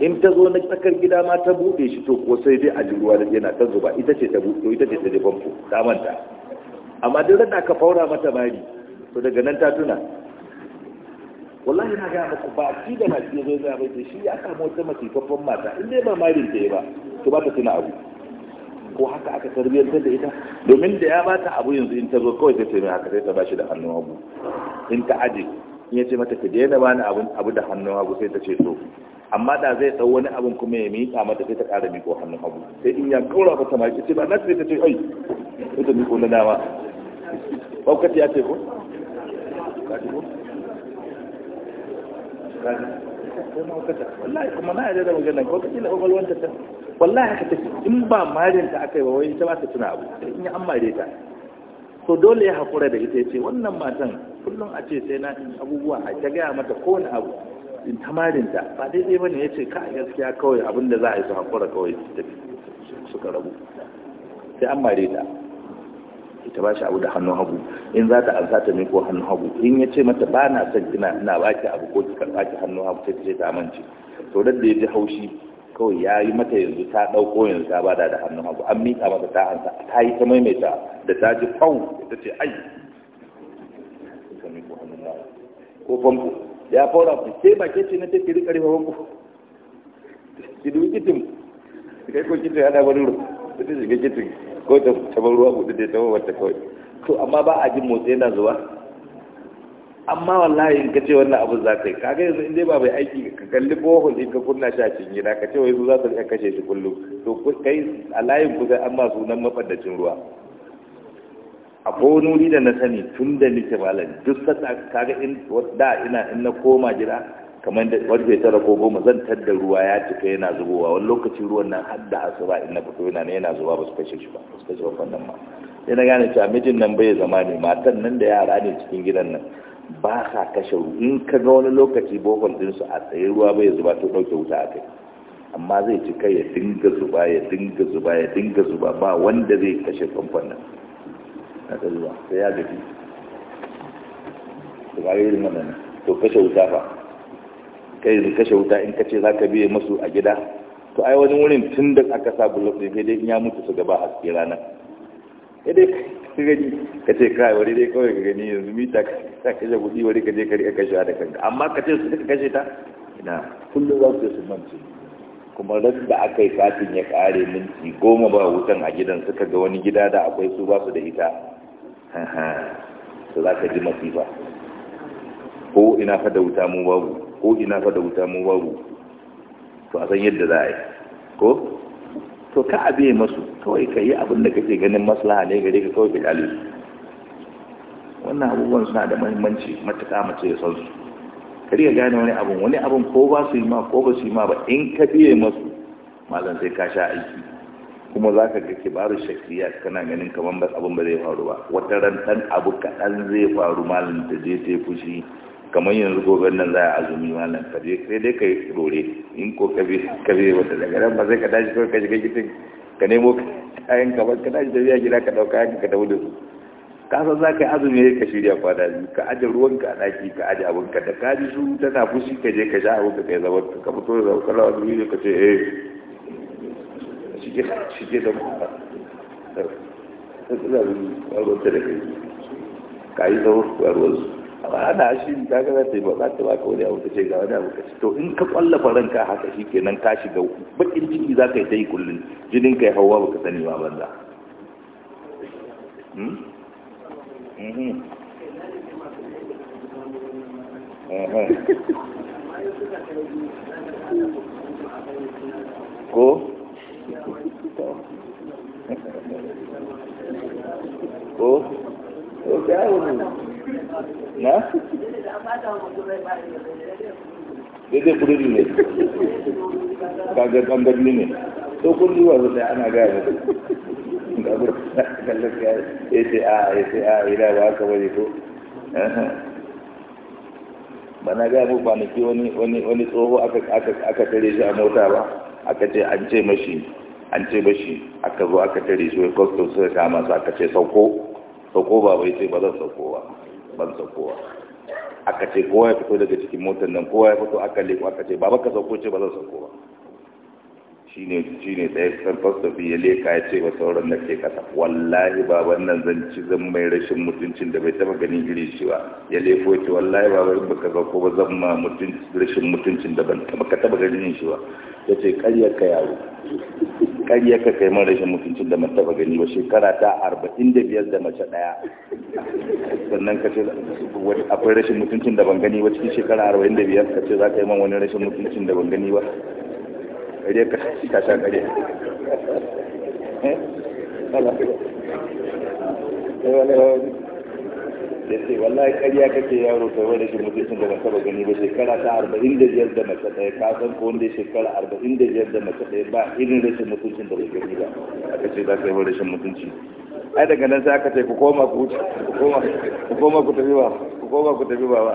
in ta zo na tsakar gida ma ta buɗe shi to ko sai dai a ji ruwa da yana ta zuba ita ce ta buɗe ita ce ta je famfo ta manta amma duk da ka faura mata mari to daga nan ta tuna wallahi na ga muku ba ki da masu zo zai bai shi ya kama wata masifaffen mata in dai ba marin ta yi ba to ba ta tuna abu ko haka aka tarbiyyantar da ita domin da ya bata abu yanzu in ta zo kawai ta ce haka sai ta bashi da hannun hagu in ta aje in ya ce mata daina bani abu abu da hannun hagu sai ta ce to amma da zai dau wani abun kuma ya miƙa mata sai ta ƙara miƙo hannun hagu sai in ya kaura sama ma ce ba na sai ta ce ai sai ta miƙo na dama baukati ya ce ko ko kuma na yarda da maganar ko kaji na ƙwaƙwalwar ta wallahi haka take in ba marin ta aka yi ba wai ta ba ta tuna abu sai in yi an mare ta so dole ya haƙura da ita ya ce wannan matan kullum a ce sai na abubuwa a ta gaya mata kowane abu in ta marin ta ba daidai ba ne ya ce ka gaskiya kawai abin da za a yi su haƙura kawai su tafi suka rabu sai an mare ta ita ba shi abu da hannun hagu in za ta ansa ta miko hannun hagu in ya ce mata ba na son kina ina baki abu ko ki karɓa ki hannun hagu sai ta ce ta amince to da ya ji haushi kawai ya yi mata yanzu ta ɗauko yanzu ta bada da hannun hagu an miƙa mata ta hansa ta yi ta maimaita da ta ji fawun ta ce ai ko famfo ya fara ku sai ba ke ce na take rika rufe famfo ki duk kitin kai ko kitin ana bari ruwa ita shiga kitin ko ta tabar ruwa ta da ta wata kawai to amma ba a jin motsi yana zuwa amma wallahi in ka ce wannan abin za ka yi kaga yanzu in dai ba bai aiki ka kalli bohol in ka kunna shi a cikin gida ka ce wai su za su iya kashe shi kullum to kai a layin kusa an ma sunan mafaddacin ruwa a konuri da na sani tun da nike malam duk sata kaga in da ina in na koma gida kamar da wajen tara ko goma zan tadda ruwa ya cika yana zubowa wani lokacin ruwan nan har da asuba in na fito yana yana zuba ba su kashe shi ba su kashe wannan ma sai na gane cewa mijin nan bai zama ne matan nan da yara ne cikin gidan nan ba sa kashe in ka ga wani lokaci bohol su a tsaye ruwa bai zuba to ɗauke wuta a kai amma zai ci kai ya dinga zuba ya dinga zuba ya dinga zuba ba wanda zai kashe famfon nan na ɗaruwa sai ya gaji su ga irin waɗannan to kashe wuta fa kai yanzu kashe wuta in ka ce za ka biye masu a gida to ai wani wurin tun da aka sa bulok ɗin sai dai in ya mutu su gaba a haske ranar ya ka gani ka ce kai wani dai kawai ka gani yanzu mita ka kashe kuɗi wani ka je ka riƙa kashewa da kanka amma ka ce su duka kashe ta ina kullum za su su mance kuma ran da aka yi satin ya ƙare minti goma ba wutan a gidan suka ga wani gida da akwai su ba su da ita su za ka ji masifa ko ina fa da wuta mu babu ko ina fa da wuta mu babu to a san yadda za a yi ko to ka abe masu kawai ka yi abin da kake ganin maslaha ne gare ka kawai ka su wannan abubuwan suna da mahimmanci, matuka, mace ya san su kar ya gane wani abun wani abun ko ba su yi ma ko ba su yi ma ba in ka biye masu malam sai ka sha aiki kuma za ka ga kibaru shakriya kana ganin kamar abin ba zai faru ba wata ran ɗan abu kaɗan zai faru malam da je ta fushi kamar yanzu gobe nan za a azumi malam ka je sai dai kai rore in ko ka bi ka bi wata daga ran ba sai ka tashi kawai ka shiga gidan ka nemo kayan ka ba ka tashi da biya gida ka dauka yanka ka dawo da su ka san za ka yi azumi ka shirya kwana biyu ka aje ruwan ka a daki ka aje abin ka da ka ji su tana fushi ka je ka sha abin ka kai zaman ka fito da zaman kala wani ne ka ce eh shige shige da mu ka ka yi zaman ruwan su ana shi ta ga zai ba za ta baka wani abu ta ce ga wani abu ka to in ka kwallafa ranka haka shi kenan ka shiga bakin ciki za ka yi ta yi kullum jinin ka ya hawa baka sani ma banza hmm? Hmm? ko ko ko Ko ko na? daidai kudin ne kaga gangarni ne to kun zuwa sai ana gaya da abu kallon ya ce a ya ce ah, a ah, ila ba haka bane ko ba na gaya mu kwanaki wani wani wani tsoho aka tare shi a mota ba aka ce an ce mashi an ce mashi aka zo aka tare shi wai kwastom suka kama su aka ce sauko sauko ba bai ce ba zan sauko ba ban saukowa aka ce kowa ya fito daga cikin motar nan kowa ya fito aka leko aka ce baba ka sauko ce ba zan sauko ba shi ne da ya ɗaya sarfar ya leka ya ce wa sauran na ke kasa wallahi ba, wannan zan ci zan mai rashin mutuncin da bai taɓa ganin iri shi ba ya lefo ce wallahi wani baka ga ko ba zan ma rashin mutuncin da ban taɓa ka taɓa ganin shi ba ya ce ƙarya ka yaro ƙarya ka kai man rashin mutuncin da ban taɓa gani ba shekara ta arba'in da biyar da mace ɗaya sannan ka ce akwai rashin mutuncin da ban gani ba cikin shekara arba'in da biyar ka ce za ka yi man wani rashin mutuncin da ban gani ba kare ka ce wallahi karya kake yaro kai wanda shi mutuncin da ba gani ba shekara ta arba'in da biyar da mace ɗaya ka san ko wanda shekara arba'in da biyar da mace ɗaya ba irin rashin mutuncin da gani ba aka ce za ka yi rashin mutunci ai daga nan sai aka ce ku koma ku koma ku koma ku tafi ba ku koma ku tafi ba ba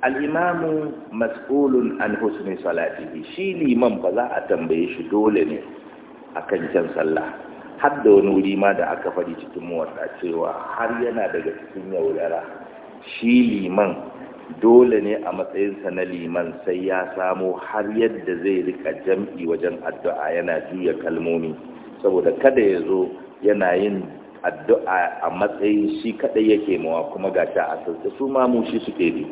al'imamu matsulun an husni salatihi shi liman ba za a tambaye shi dole ne a kan can sallah har da wani wuri ma da aka faɗi cikin muwarta cewa har yana daga cikin yaudara shi liman dole ne a matsayinsa na liman sai ya samo har yadda zai rika jam'i wajen addu'a yana juya kalmomi saboda kada ya zo yana yin addu'a a matsayin shi kaɗai yake mawa kuma ga a sassa su ma shi suke ne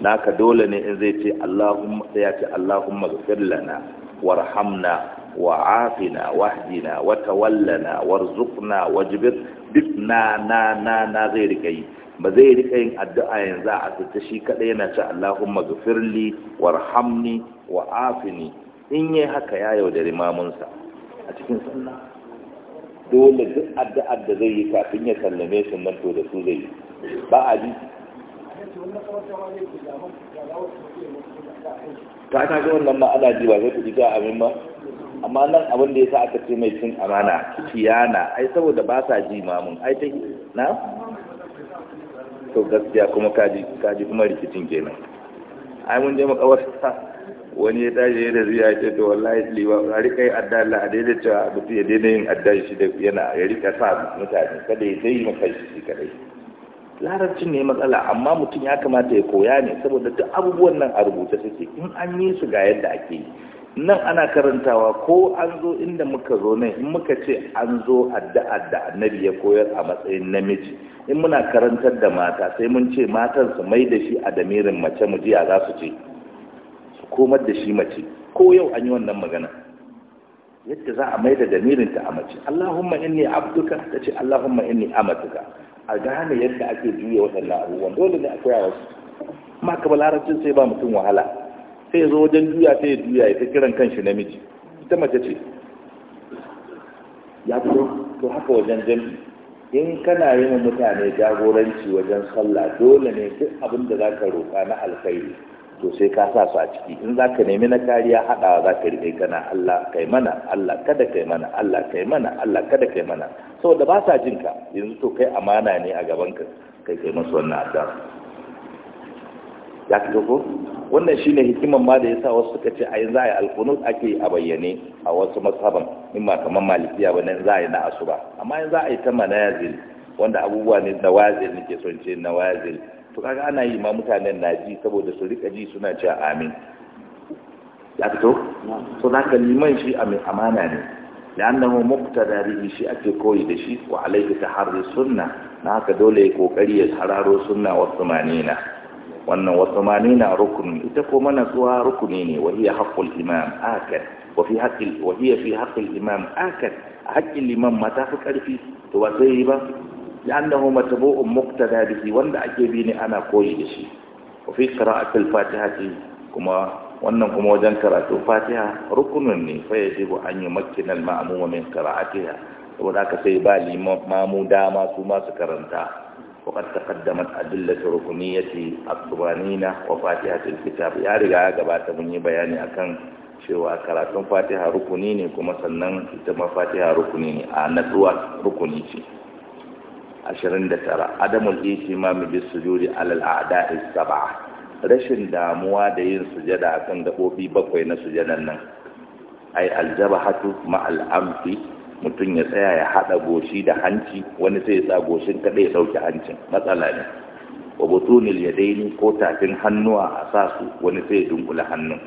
naka dole ne in zai ce Allahumma ya ce Allahumma lana warhamna wa'afina wahdina watawallana warzuqna wajbir duk na na na na zai rika yi ba zai rika yin addu'a yanzu a asirta shi kadai yana ce Allahumma ghfirli warhamni wa'afini in yi haka ya yaudari mamunsa a cikin sunna dole duk addu'ar da zai yi kafin ya sallame shi nan to da su zai yi ba a ji ta ka ga wannan ma ana ji ba zai kudi ga amin ba amma nan abin da ya sa aka ce mai cin amana kiyana ai saboda ba sa ji mamun ai ta na to gaskiya kuma kaji kaji kuma rikicin kenan ai mun je sa wani ya tashi da zuya ya ce to wallahi liwa a rika yi adda Allah a daidai cewa mutum ya daina yin adda shi da yana ya rika sa mutane kada ya dai maka shi kadai larabcin ne matsala amma mutum ya kamata ya koya ne saboda duk abubuwan nan a rubuta suke in an yi su ga yadda ake yi nan ana karantawa ko an zo inda muka zo nan in muka ce an zo addu'ar da annabi ya koyar a matsayin namiji in muna karantar da mata sai mun ce matan su mai da shi a damirin mace mu jiya za su ce su komar da shi mace ko yau an yi wannan magana yadda za a mai da damirinta a mace Allahumma inni abduka ta ce Allahumma inni amatuka a gane yadda ake juya waɗannan abubuwan dole ne a koya wasu amma ka ba larabcin sai ba mutum wahala sai ya zo wajen juya sai ya juya ya ta kiran kanshi namiji ita mace ce ya fito to haka wajen jami'i in kana yi mutane jagoranci wajen sallah dole ne duk abin da za ka roƙa na alkhairi to sai ka sa su a ciki in za ka nemi na kariya haɗawa za ka riƙe kana Allah kai mana Allah kada kai mana Allah kai mana Allah kada kai mana saboda ba sa ka yanzu to kai amana ne a gaban ka kai kai masu wannan addu'a ya fito ko wannan shine hikiman ma da yasa wasu suka ce a yanzu a yi ake a bayyane a wasu masaban in ma kamar malikiya ba nan za a yi na asuba amma yanzu za a yi ta manazil wanda abubuwa ne da wazil nake son ce na wazil to ana yi ma mutanen na saboda su rika ji suna cewa amin ya fito to da shi amin amana ne lannahu mubtada bihi shi ake koyi da shi wa alayhi taharru sunna na haka dole ya kokari ya hararo sunna wa sumanina wannan wa sumanina rukun ita ko mana suwa rukuni ne wa hiya haqqul imam akad fi haqqi imam akad haqqil imam mata fi karfi to ba sai ba لأنه متبوء مقتدى به وانا أجيبيني أنا كوي بشي وفي قراءة الفاتحة كما وانا كما وجن قراءة الفاتحة ركن فيجب أن يمكن المأموم من قراءتها وذاك سيبالي مامو داما سوما سكرنتا وقد تقدمت أدلة ركنية الطبانينة وفاتحة الكتاب يا رجاء قبات مني بياني أكن cewa karatun fatiha rukuni ne kuma sannan ita ma fatiha rukuni ne a natsuwa rukuni ce ashirin da tara adamul ihtimami bis sujudi alal a'da'i sab'a rashin damuwa da yin sujada akan gabobi bakwai na sujadan nan ai aljabahatu ma al'amfi mutum ya tsaya ya haɗa goshi da hanci wani sai ya sa goshin kada ya dauki hancin matsala ne wa butunil yadaini ko tafin hannuwa a sa su wani sai ya dunkula hannun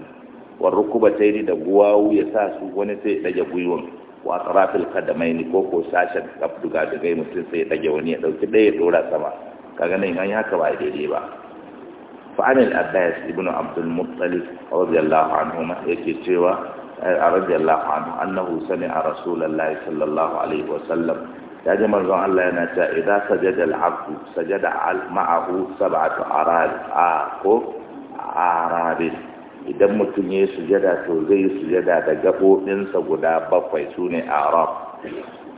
wa rukubataini da guwawu ya sa su wani sai ya dage gwiwan wa atrafil qadamaini ko ko sashen kafduga da gai mutum sai ya dage wani ya dauki ɗaya ya dora sama kaga nan an yi haka ba daidai ba fa anil abbas ibnu abdul muttalib radiyallahu anhu ma yake cewa eh, radiyallahu anhu annahu sami'a rasulullahi sallallahu alaihi wa sallam ya ji manzon Allah yana cewa idza sajada al-abdu sajada ma'ahu sab'atu arad a ko arabin idan mutum ya yi sujada to zai yi sujada da gaɓoɓinsa guda bakwai su ne rab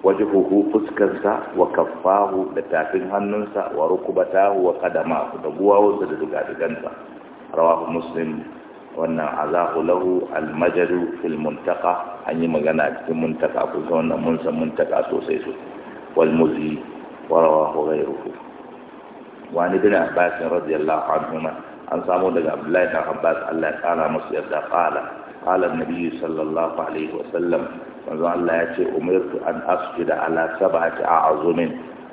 waje huhu fuskansa wa kafahu da tafin hannunsa wa rukubatahu wa kadama da guwawunsa da dugadugansa rawahu muslim wannan azahu lahu almajaru fil muntaka an yi magana cikin muntaka kusa wannan mun san muntaka sosai su wal muzi wa rawahu ghayruhu Wani ibn abbas radiyallahu anhu an samu daga abdullahi dan abbas Allah ya kara musu yadda qala qala annabi sallallahu alaihi sallam manzo Allah ya ce umirtu an asjuda ala sab'ati a'zumin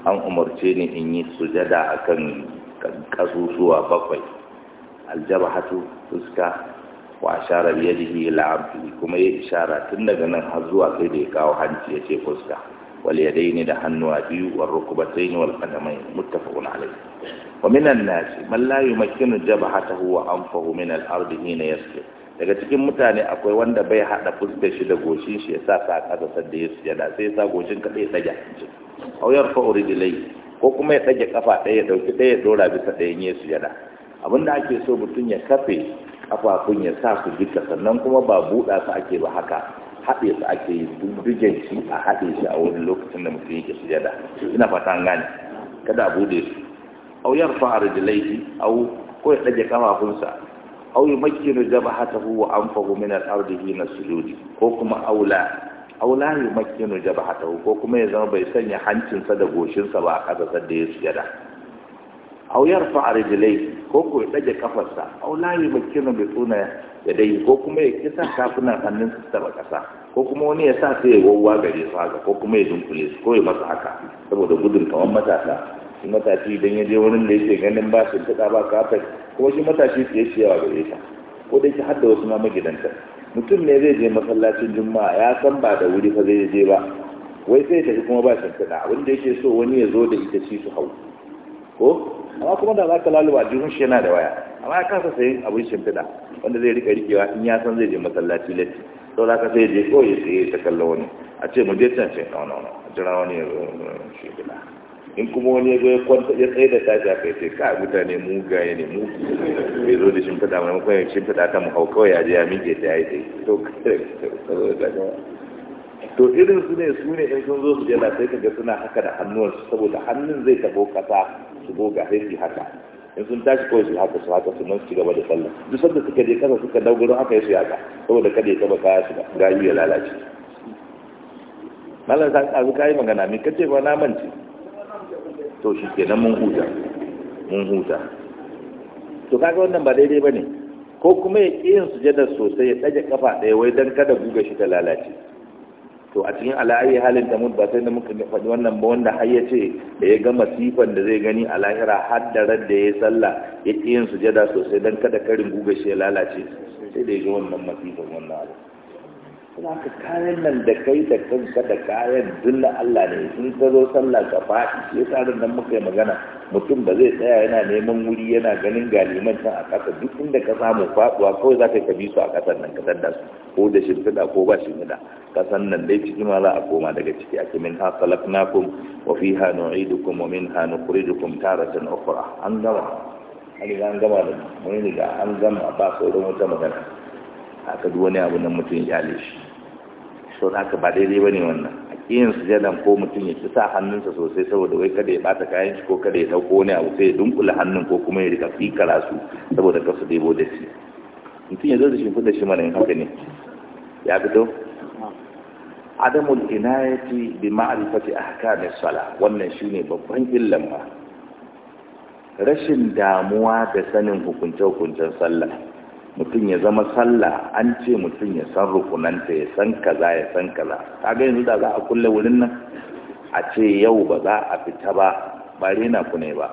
an umarce ni in yi sujada akan kasusuwa bakwai aljabhatu fuska wa ashara bi yadihi ila kuma ya ishara tun daga nan har zuwa sai da ya kawo hanci ya ce fuska wal yadaini da hannuwa biyu wal rukbatayn wal qadamayn muttafaqun alayhi ومن الناس من لا يمكن جبهته وأنفه من الأرض حين يسجد daga cikin mutane akwai wanda bai hada fuskar shi da goshin shi ya sa sa kasa sadda ya sujada sai ya sa goshin ka ɗaya ɗaga au yarfa uridilai ko kuma ya ɗage kafa ɗaya ya ɗauki ɗaya ɗora bisa ɗayan ya sujada da ake so mutum ya kafe kafafun ya sa su duka sannan kuma ba buɗa su ake ba haka haɗe su ake yi shi a haɗe shi a wani lokacin da mutum yake sujada ina fata an gane kada a buɗe su aw yarfa rijlaihi aw ko ya dage kafafunsa aw yumakkinu jabhatahu wa anfahu min al-ardi hina sujudi ko kuma aula aula yumakkinu jabhatahu ko kuma ya zama bai sanya hancinsa da goshinsa ba a kasa da ya sujada aw yarfa rijlaihi ko ko ya dage kafarsa aw la yumakkinu bi tuna yadayhi ko kuma ya kisa kafuna hannunsa su taba kasa ko kuma wani ya sa sai ya wawwa gare su haka ko kuma ya dunkule su ko ya masa haka saboda gudun kawan matasa shi matashi idan ya je wurin da yake ganin ba shi tada ba kafet ko shi matashi ya ce yawa gare ta ko da shi har da wasu ma magidanta mutum ne zai je masallacin juma'a ya san ba da wuri fa zai je ba wai sai tafi kuma ba shi tada abin da yake so wani ya zo da ita shi su hau ko amma kuma da za ka laluba jihun shi yana da waya amma ya kasa sai abin tada wanda zai rika rikewa in ya san zai je masallaci lati to za ka sai je ko ya sai ta kalla wani a ce mu je can sai no no no jira wani ya in kuma wani ya zo ya kwanta ya tsaye da tashi aka ce ka mutane mu gaye ne mu bai zo da shimfiɗa mai makon ya shimfiɗa ta mu hau kawai ya je ya miƙe ta ya yi tsaye to to irin su ne su ne in sun zo su jela sai ga suna haka da hannuwansu saboda hannun zai taɓo kasa su goga sai su haka in sun tashi kawai su haka su haka su nan su gaba da sallah duk sanda suka je kasa suka dogaro haka ya su yaka saboda kada ya taɓa kaya su gayu ya lalace malam sa ka zo magana magana ka kace ba na mance to shi nan mun huta mun huta to kaga wannan ba daidai bane ko kuma ya ƙi yin sujada sosai ya ɗage kafa ɗaya wai dan kada guga shi ta lalace to a cikin ala'ayi halin da ba sai da muka faɗi wannan ba wanda har ya ce da ya ga masifan da zai gani a lahira har da ran da ya sallah ya ƙi yin sujada sosai dan kada karin guga shi ya lalace sai da ya ji wannan masifan wannan abu kuma ka kayan nan da kai da kanka da kayan dilla Allah ne in ka zo sallah ka faɗi sai tsarin nan muka yi magana mutum ba zai tsaya yana neman wuri yana ganin galiman can a ƙasa duk inda ka samu faɗuwa kawai za ka bi su a ƙasar nan ka da su ko da shimfiɗa ko ba shimfiɗa ƙasar nan dai ciki ma za a koma daga ciki a min ha salaknakum wa fi ha nu'idukum wa min ha nukhrijukum taratan ukhra an gama an an gama da mun ga an gama ba sauran wata magana haka duk wani abu nan mutum ya shi so na ka ba daidai ba ne wannan a ƙiyin sujadan ko mutum ya ci sa hannunsa sosai saboda wai kada ya ta kayan shi ko kada ya ɗauko wani abu sai ya dunkula hannun ko kuma ya rika fikara su saboda kasu debo da shi mutum ya zo da shi fi da shi mana yin haka ne ya fito adamul inayati bi ma'rifati ahkamis sala wannan shine babban illan ba rashin damuwa da sanin hukunce-hukuncen sallah mutum ya zama sallah an ce mutum ya san rukunanta ya san kaza ya san kaza ga yanzu da za a kulle wurin nan a ce yau ba za a fita ba ba rena ku ne ba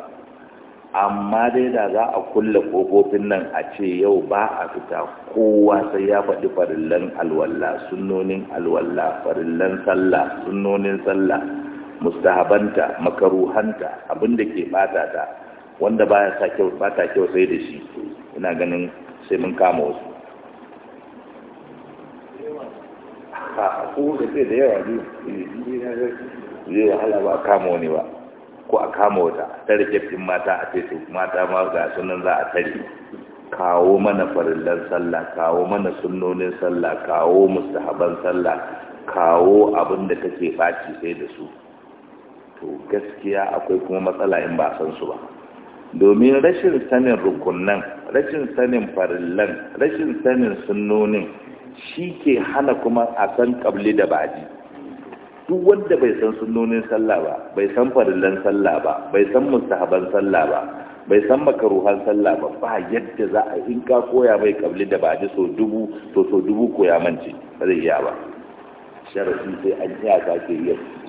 amma dai da za a kulle kofofin nan a ce yau ba a fita kowa sai ya faɗi farillan alwallah sunnonin alwallah farillan sallah sunnonin sallah mustahabanta makaruhanta abinda ke bata ta wanda baya sa kyau sai da shi ina ganin sai mun kama wasu a ko da sai da yawa zai wahala ba a kama wani ba ko a kama wata a tare kyaftin mata a teku mata ma ga sunan za a tare kawo mana farillan sallah kawo mana sunnonin sallah kawo mustahaban sallah kawo abin da kake baci sai da su to gaskiya akwai kuma matsala in ba san su ba domin rashin sanin rukunan rashin sanin farillan rashin sanin sunnonin shi ke hana kuma a san kabli da baji duk wanda bai san sunnonin sallah ba bai san farillan sallah ba bai san mustahaban sallah ba bai san makaruhan sallah ba ba yadda za a in ka koya mai kabli da baji so dubu to so dubu koya mance ba zai iya ba sharafi sai an iya ka ke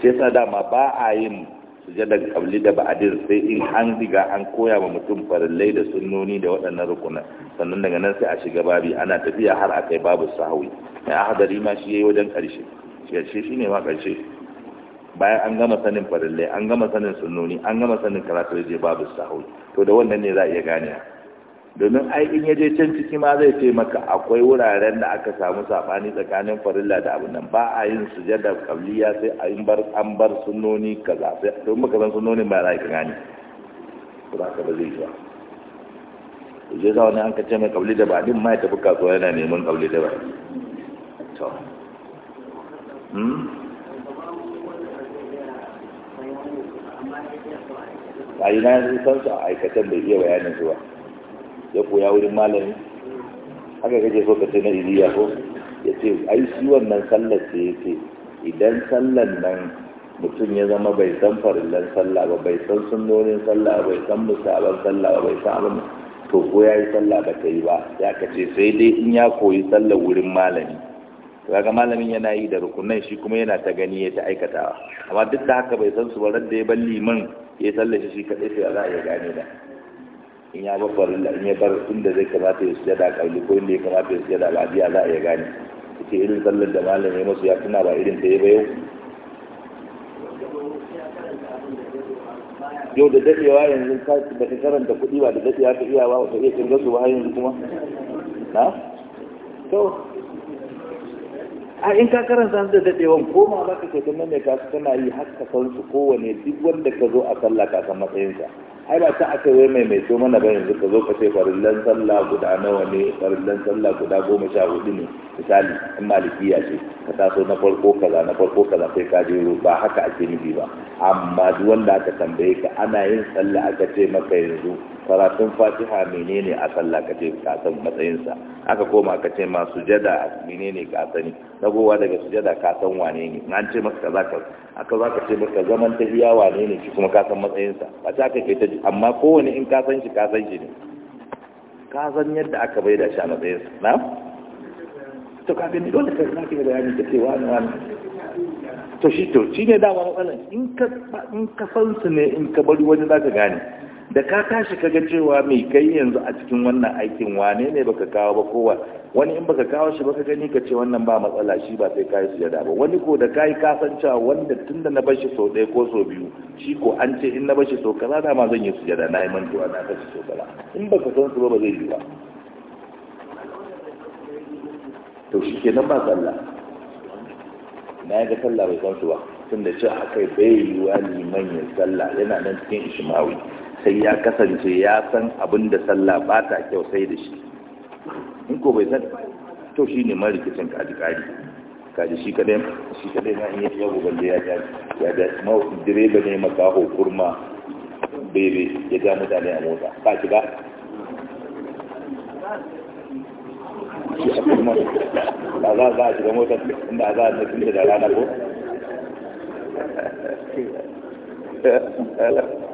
sai sa dama ba a yin sujadar kabli da ba'adir sai in an diga an koya ma mutum farillai da sunnoni da waɗannan rukunan sannan daga nan sai a shiga babi ana tafiya har a kai babu sahawi mai ahadari ma shi yayi wajen ƙarshe ƙarshe shi ne ma ƙarshe bayan an gama sanin farillai an gama sanin sunnoni an gama sanin karatu da babu sahawi to da wannan ne za a iya ganewa domin aikin ya je can ciki ma zai ce maka akwai wuraren da aka samu sabani tsakanin farilla da abin nan ba a yin sujada kabliya sai a yin bar an bar sunoni kaza sai don muka san sunonin ba za ka gane ko za ka ba zai zuwa to je zawo ne an ka ce mai kabli da ba din ma ya tafi kasuwa yana neman kabli da ba to hmm? a yi na san su a aikatan bai iya bayanin su ba ya koya wurin malami haka kake so ka ce na iliya ko ya ce ai shi wannan sallar ce ya ce idan sallar nan mutum ya zama bai san farillan sallah ba bai san sunnonin sallah bai san musaban sallah ba bai san abin to ko ya yi sallah ba ta yi ba ya ka sai dai in ya koyi sallar wurin malami kaga malamin yana yi da rukunan shi kuma yana ta gani ya ta aikatawa amma duk da haka bai san su ba da ya balli liman ya sallar shi shi kaɗai sai za a iya gane da in ya bar farilla in ya bar inda zai kamata ya sujada kalli ko inda ya kamata ya sujada ba za a iya gane ita irin sallar da malam ya masu ya tuna ba irin ta yi ba yau yau da dadewa yanzu ba ta karanta kuɗi ba da dadewa ta iya ba wata iya kirga su ba har yanzu kuma na to a in ka karanta da dadewan koma ba ka kai ta mai ka kana yi haka kansu san su kowane duk wanda ka zo a sallah ka san matsayinsa ai ba ta aka yi mai mai so mana ba yanzu ka zo ka ce farillan sallah guda nawa ne farillan sallah guda goma sha hudu ne misali in malikiya ce ka taso na farko kaza na farko kaza sai ka je ba haka ake nufi ba amma duk wanda aka tambaye ka ana yin sallah aka ce maka yanzu karatun fatiha menene a sallah ka ce ka san matsayinsa aka koma ka ce ma sujada menene ka sani dagowa daga sujada ka san wane ne na ce maka kaza ka aka za ka ce maka zaman ta biya wane ne shi kuma ka san matsayinsa ba ta aka kai ta ji amma kowane in ka san shi ka san shi ne ka san yadda aka bai da shi a matsayinsa na to ka gani dole ka zaki da bayani ta ce wani wani to shi to shi ne dama matsalan in ka san su ne in ka bari wani za ka gane da ka tashi kaga cewa mai kai yanzu a cikin wannan aikin wane ne baka kawo ba kowa wani in baka kawo shi baka gani ka ce wannan ba matsala shi ba sai kai sujada ba wani ko da kai ka san cewa wanda tunda na bar shi sau ɗaya ko sau biyu shi ko an ce in na bar shi sau kaza da ma zan yi sujada na yi mantuwa na kashi so kaza in baka san su ba ba zai yi ba to shi kenan ba sallah na yi ga sallah bai san su ba tunda cewa akai bai wa liman ya sallah yana nan cikin ishmawi sai ya kasance ya san abin da sallah ba ta kyau sai da shi in ko bai san to shi ne rikicin kaji-kaji kaji shi kadai shi kadai na iya yabo balle ya ja ya ja direba ne makaho kurma bebe ya ja mutane a mota ba ki ba shi a kurma ba za za a shiga mota inda za a tinda da rana ko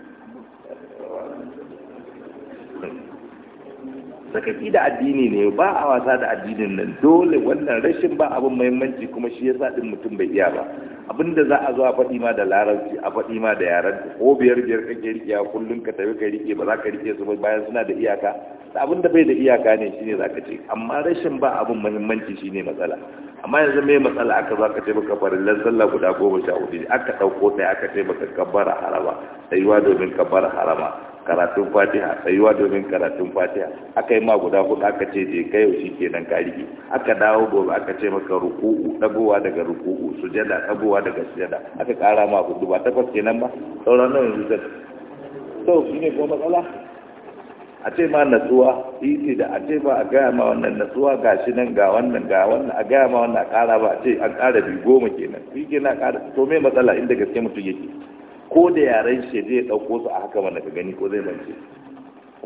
sakaki da addini ne ba a wasa da addinin nan dole wannan rashin ba abin muhimmanci kuma shi yasa din mutum bai iya ba abinda za a zo a faɗi ma da larabci a faɗi ma da yaran ko biyar biyar kake rike kullum ka tafi ka rike ba za ka rike su ba bayan suna da iyaka abin da bai da iyaka ne shine zaka ce amma rashin ba abin muhimmanci shine matsala amma yanzu mai matsala aka zo aka ce baka farillan sallah guda goma sha hudu aka ɗauko ɗaya aka ce baka kabbara harama tsayuwa domin kabbara harama karatun fatiha tsayuwa domin karatun fatiha aka yi ma guda hudu aka ce je kai yau shikenan ka rike aka dawo gobe aka ce maka ruku'u dagowa daga ruku'u sujada dagowa daga sujada aka kara ma hudu ba takwas kenan ba sauran nan yanzu to shine ko matsala a ce ma natsuwa iti e da a ce ba a gaya ma wannan natsuwa ga shi nan ga wannan ga wannan a gaya ma wannan a kara ba a ce an kara bi goma kenan shi ke na kara to me matsala inda gaske mutum yake ko da yaren shi zai dauko su a haka mana ka gani ko zai mance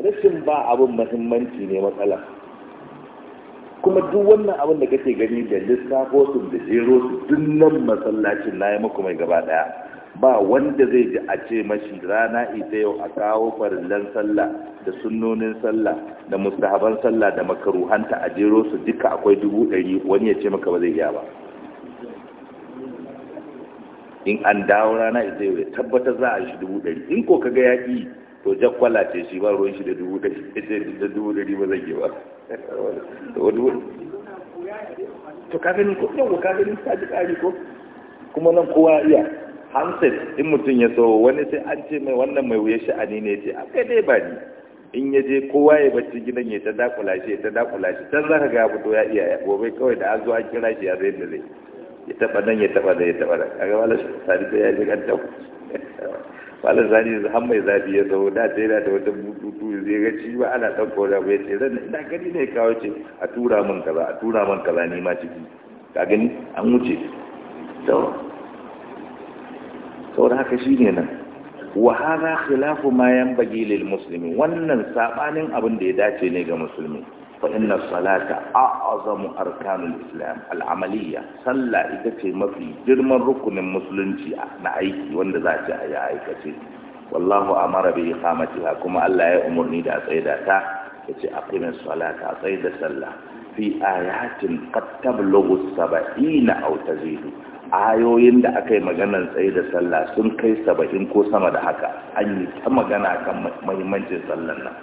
rashin ba abin mahimmanci ne matsala kuma duk wannan abin da kake gani da lissafo su da jero su dunnan masallacin na yi muku mai gaba daya. ba wanda zai ji a ce mashi rana ita yau a kawo farillan sallah da sunnonin sallah da mustahaban sallah da makaruhanta a jero su duka akwai dubu ɗari wani ya ce maka ba zai iya ba in an dawo rana ita yau ya tabbatar za a shi dubu ɗari in ko ka ga yaƙi to jakwala ce shi ba ruwan shi da dubu ɗari da dubu ɗari ba zai yi ba to ka gani ko yau ka gani ji ƙari ko kuma nan kowa iya hanset in mutum ya so wani sai an ce mai wannan mai wuya sha'ani ne ce akai dai ba ni in ya je kowa ya bacci gidan ya ta dakula shi ya ta dakula shi can za ka ga fito ya iya gobe kawai da an zo an kira shi ya zai da zai ya taba nan ya taba da ya taba nan kaga wala sani ta ya ji kan tabu wala sani da han mai zafi ya zo da ta yana da wata bututu zai gaci ba ana ɗan kora ba ya ce zan ina gani ne kawo ce a tura min kaza a tura min kaza ni ma ciki ka gani an wuce to saboda haka shi ne nan wa hadha khilafu ma yanbaghi lil muslimi wannan sabanin abin da ya dace ne ga musulmi fa inna salata a'zamu arkanul islam al'amaliya sallah ita ce mafi girman rukunin musulunci na aiki wanda za a yi aikace wallahu amara bi iqamatiha kuma Allah ya umurni da tsaida ta yace aqimis salata tsaida sallah fi ayatin qad tablughu 70 aw tazidu ayoyin da aka yi maganar tsaye da sallah sun kai saba'in ko sama da haka an yi ta magana kan mahimmancin sallar nan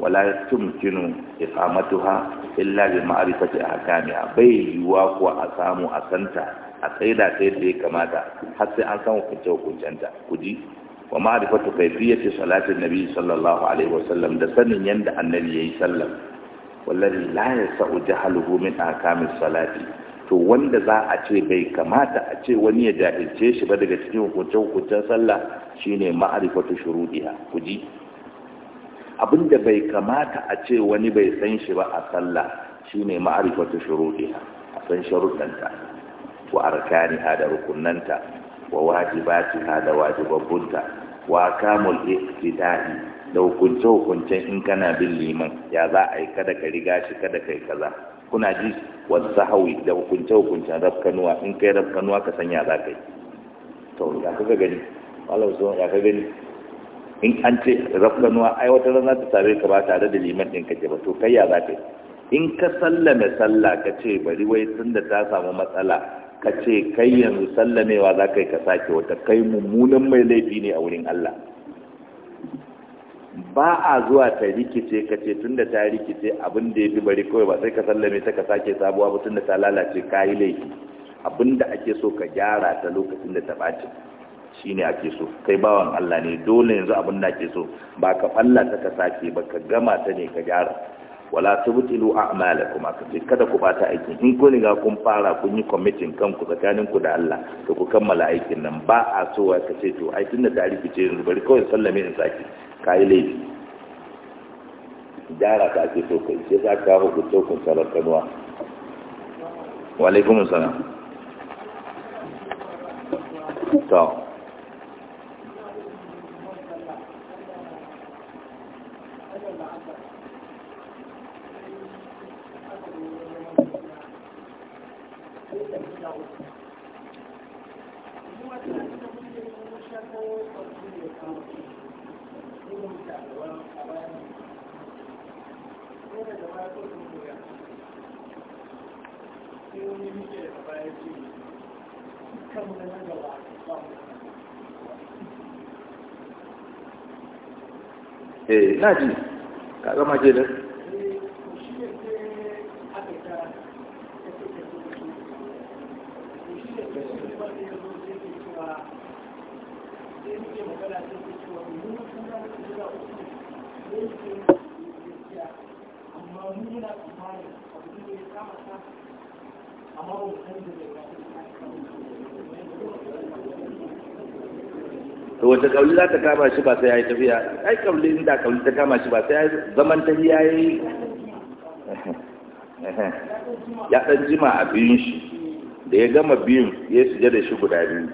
wala tun tumkinu ha illa bi a ahkamiha bai yiwuwa ko a samu a santa a tsaida ta da ya kamata har sai an san hukunce Ku kuji wa ma'arifatu kayfiyati salatin nabi sallallahu alaihi sallam da sanin yanda annabi yayi sallar wallahi la yasau jahaluhu min ahkamis salati to wanda za a ce bai kamata a ce wani ya jahilce shi ba daga cikin hukunce-hukuncen sallah shine ma'arifatu shuruɗiya ku ji abinda bai kamata a ce wani bai san shi ba a sallah shine ma'arifatu shuruɗiya a san sharuɗanta wa arkani ha da rukunanta wa wajibati ha da wajibabbunta wa kamul iqtida'i da hukunce-hukuncen in kana bin liman ya za a yi kada ka riga shi kada kai kaza kuna ji wasu hawi da hukunce-hukuncen rafkanuwa in kai rafkanuwa ka sanya za ka yi to ya kaga gani wala wasu ya kaga gani in an ce rafkanuwa ai wata rana ta tare ka ba tare da liman ɗin kake ba to kai ya za ka yi in ka sallame sallah ka ce bari wai tun da ta samu matsala ka ce kai yanzu sallamewa za ka yi ka sake wata kai mummunan mai laifi ne a wurin Allah ba a zuwa ta rikice ka ce tun da ta rikice abin da ya fi bari kawai ba sai ka sallame ta ka sake sabuwa ba tun da ta lalace ka yi laifi abin da ake so ka gyara ta lokacin da ta ɓace shi ne ake so kai bawan Allah ne dole yanzu abin da ake so ba ka falla ta ka sake ba ka gama ta ne ka gyara wala a kuma ka ce kada ku bata aiki in kun riga kun fara kun yi kwamitin kanku tsakanin ku da Allah ka ku kammala aikin nan ba a so ka ce to ai da ta rikice yanzu bari kawai sallame in sake ka yi laifi gyara ka ake so kai sai za ka hukunta hukunta rakanuwa wa alaikumussalam to ngaji kat rumah jela za ta kama shi ba sai ya yi tafiya ai kabli inda kabli ta kama shi ba sai ya yi zaman ta ya yi ya ɗan jima a biyun shi da ya gama biyun ya suje da shi guda biyu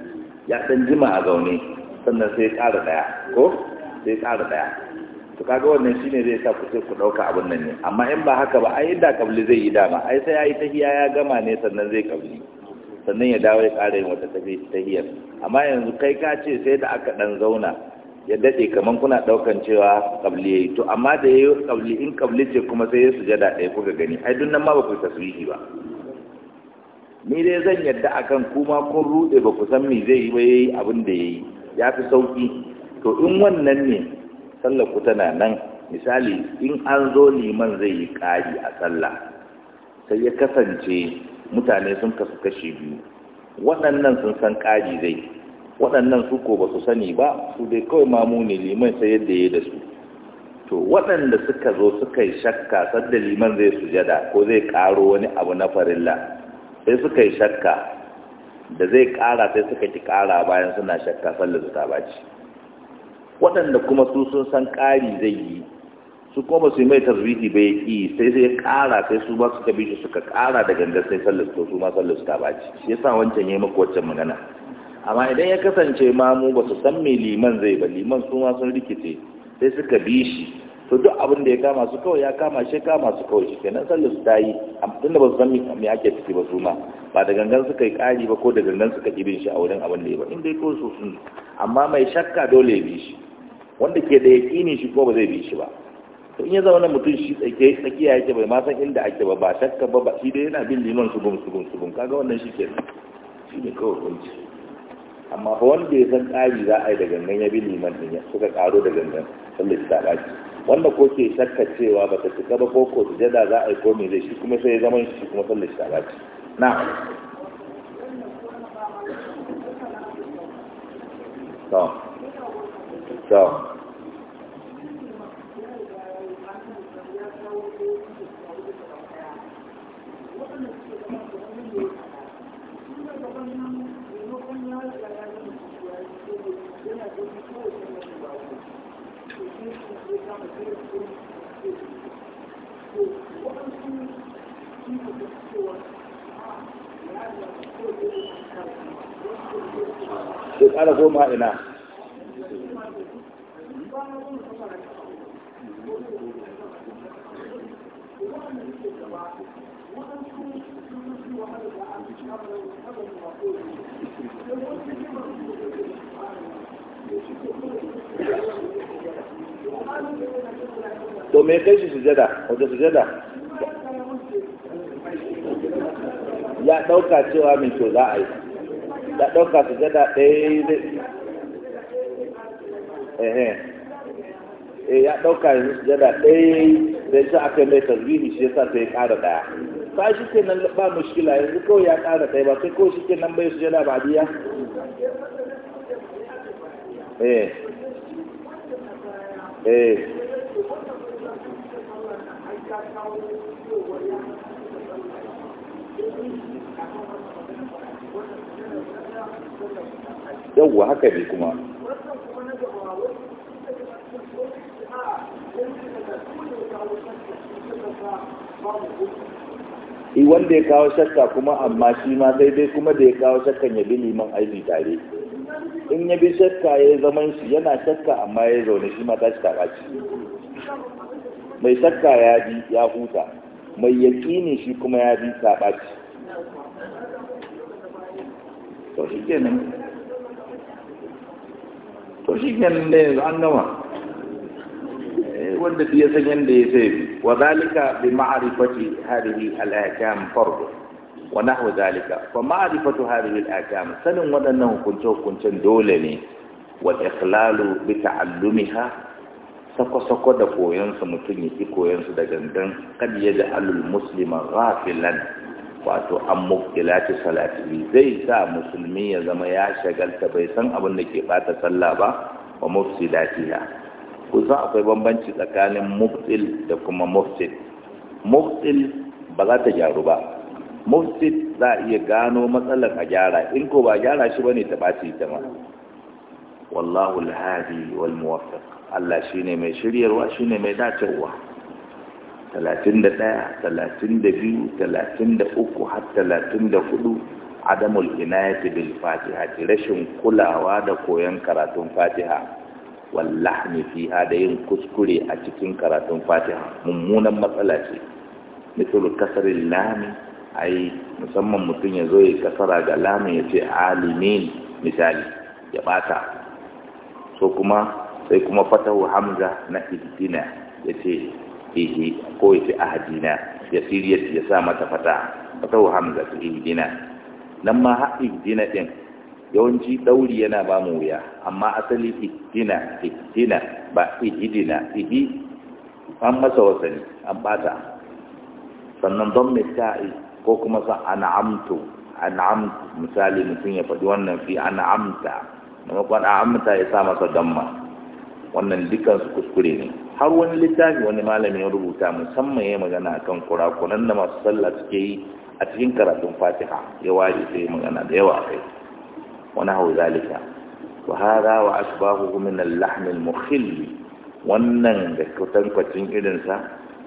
ya ɗan jima a zaune sannan sai ya ƙara ɗaya ko sai ya ƙara ɗaya to kaga wannan shine zai sa ku sai ku ɗauka abin nan ne amma in ba haka ba ai inda kabli zai yi dama ai sai ya yi tahiya ya gama ne sannan zai kabli sannan ya dawo ya ƙara yin wata tafiya tahiyar amma yanzu kai ka ce sai da aka dan zauna ya dade kaman kuna daukan cewa qabli yayi to amma da yayi qabli in qabli ce kuma sai ya sujada ɗaya kuka gani ai dun nan ma ba ku tasbihi ba ni dai zan yadda akan kuma kun rude ba ku san me zai yi ba yayi abin da yayi ya fi sauki to in wannan ne sallar ku tana nan misali in an zo liman zai yi ƙari a sallah sai ya kasance mutane sun kasu kashi biyu waɗannan sun san ƙari zai waɗannan su ko ba su sani ba su dai kawai mamu ne liman sai yadda ya da su to waɗanda suka zo suka yi shakka sadda liman zai sujada ko zai ƙaro wani abu na farilla sai suka yi shakka da zai ƙara sai suka ki ƙara bayan suna shakka sallar su ta ci waɗanda kuma su sun san ƙari zai yi su ko ba su yi mai tarbihi bai yi sai sai ya ƙara sai su ba ka bi shi suka ƙara da gangar sai sallar to su ma sallar su ta baci shi yasa wancan ya yi maka wancan magana amma idan ya kasance ma mu ba su san me liman zai ba liman su ma sun rikice sai suka bi shi to duk abin da ya kama su kawai ya kama shi kama su kawai shi kenan sallar su ta yi tunda ba su san me ake ciki ba su ma ba da gangan suka yi kari ba ko da gangan suka ƙi bin shi a wurin abin da ya ba in dai ko su sun amma mai shakka dole ya bi shi wanda ke da yaƙini shi ko ba zai bi shi ba ta in ya zama mutum shi tsake tsakiya yake bai ma san inda ake ba ba shakka ba ba shi dai yana bin liman subun subun subun kaga wannan shi ke shi ne kawai kunci amma fa wanda ya san tsari za a yi da gangan ya bi liman din suka karo da gangan sallar ta baki wanda ko ke shakka cewa ba ta cika ba ko ko sujada za a yi ko me zai shi kuma sai ya zama shi kuma sallar ta baki na to ƙara goma ina to me kai shi sujada wata sujada ya ɗauka cewa min to za a yi da ɗauka su jada ɗaya ehe e ya ɗauka yanzu su jada ɗaya zai shi eh, kai mai tasbihi shi yasa sai ya ƙara ɗaya ba shi ke nan ba mushkila yanzu kawai ya ƙara ɗaya ba sai kawai shi ke nan bai su jada ba biya eh eh yauwa haka ne kuma Yi wanda ya kawo shakka kuma amma shi ma sai dai kuma da ya kawo shakkan ya bi liman aiki tare in ya bi shakka ya zaman shi yana shakka amma ya zaune shi ma tashi ta shi. mai shakka ya bi ya huta mai yaƙini shi kuma ya bi saɓaci to shi kenan to shi kenan da yanzu an gama eh, wanda ya san yadda ya sai wa zalika bi ma'rifati hadhihi al-ahkam fardu wa nahwa zalika fa ma'rifatu hadhihi al-ahkam sanin waɗannan hukunce hukuncen dole ne wal ikhlalu bi ta'allumiha sako-sako da su mutum ya ki su da gangan kad ya da alul muslima ghafilan wato an mubtilati salati zai sa musulmi ya zama ya shagalta bai san abin da ke bata sallah ba wa mufsidatiha kusan akwai bambanci tsakanin mubtil da kuma mufsid mubtil ba za ta gyaru ba mufsid za a iya gano matsalar a gyara in ko ba gyara shi bane ta bace ta ma wallahu alhadi wal muwaffaq Allah shi ne mai shiryarwa shi ne mai dacewa talatin da ɗaya talatin da biyu talatin da uku har talatin da hudu adamul inayati bil fatiha rashin kulawa da koyon karatun fatiha wallahni fiha da yin kuskure a cikin karatun fatiha mummunan matsala ce misal kasarin lami ai musamman mutum ya zo ya kasara ga lami ya ce alimin misali ya ɓata, so kuma sai kuma fatahu hamza na ihdina yace ihi ko yace ahdina ya siriya ya sa mata fata fatahu hamza ta ihdina nan ma ha ihdina din yawanci dauri yana ba mu wuya amma asali ihdina ihdina ba ihdina ihi an masa wasani an bata sannan don misali ko kuma sa an'amtu an'amtu misali mutum ya faɗi wannan fi amta maimakon amta ya sa masa damma wannan dukkan su kuskure ne har wani littafi wani malami ya rubuta musamman ya magana a kan kurakunan da masu sallah suke yi a cikin karatun fatiha ya waje sai magana da yawa kai wani hau zalika wa hada wa asbahu min al-lahm al-mukhill wannan da irin irinsa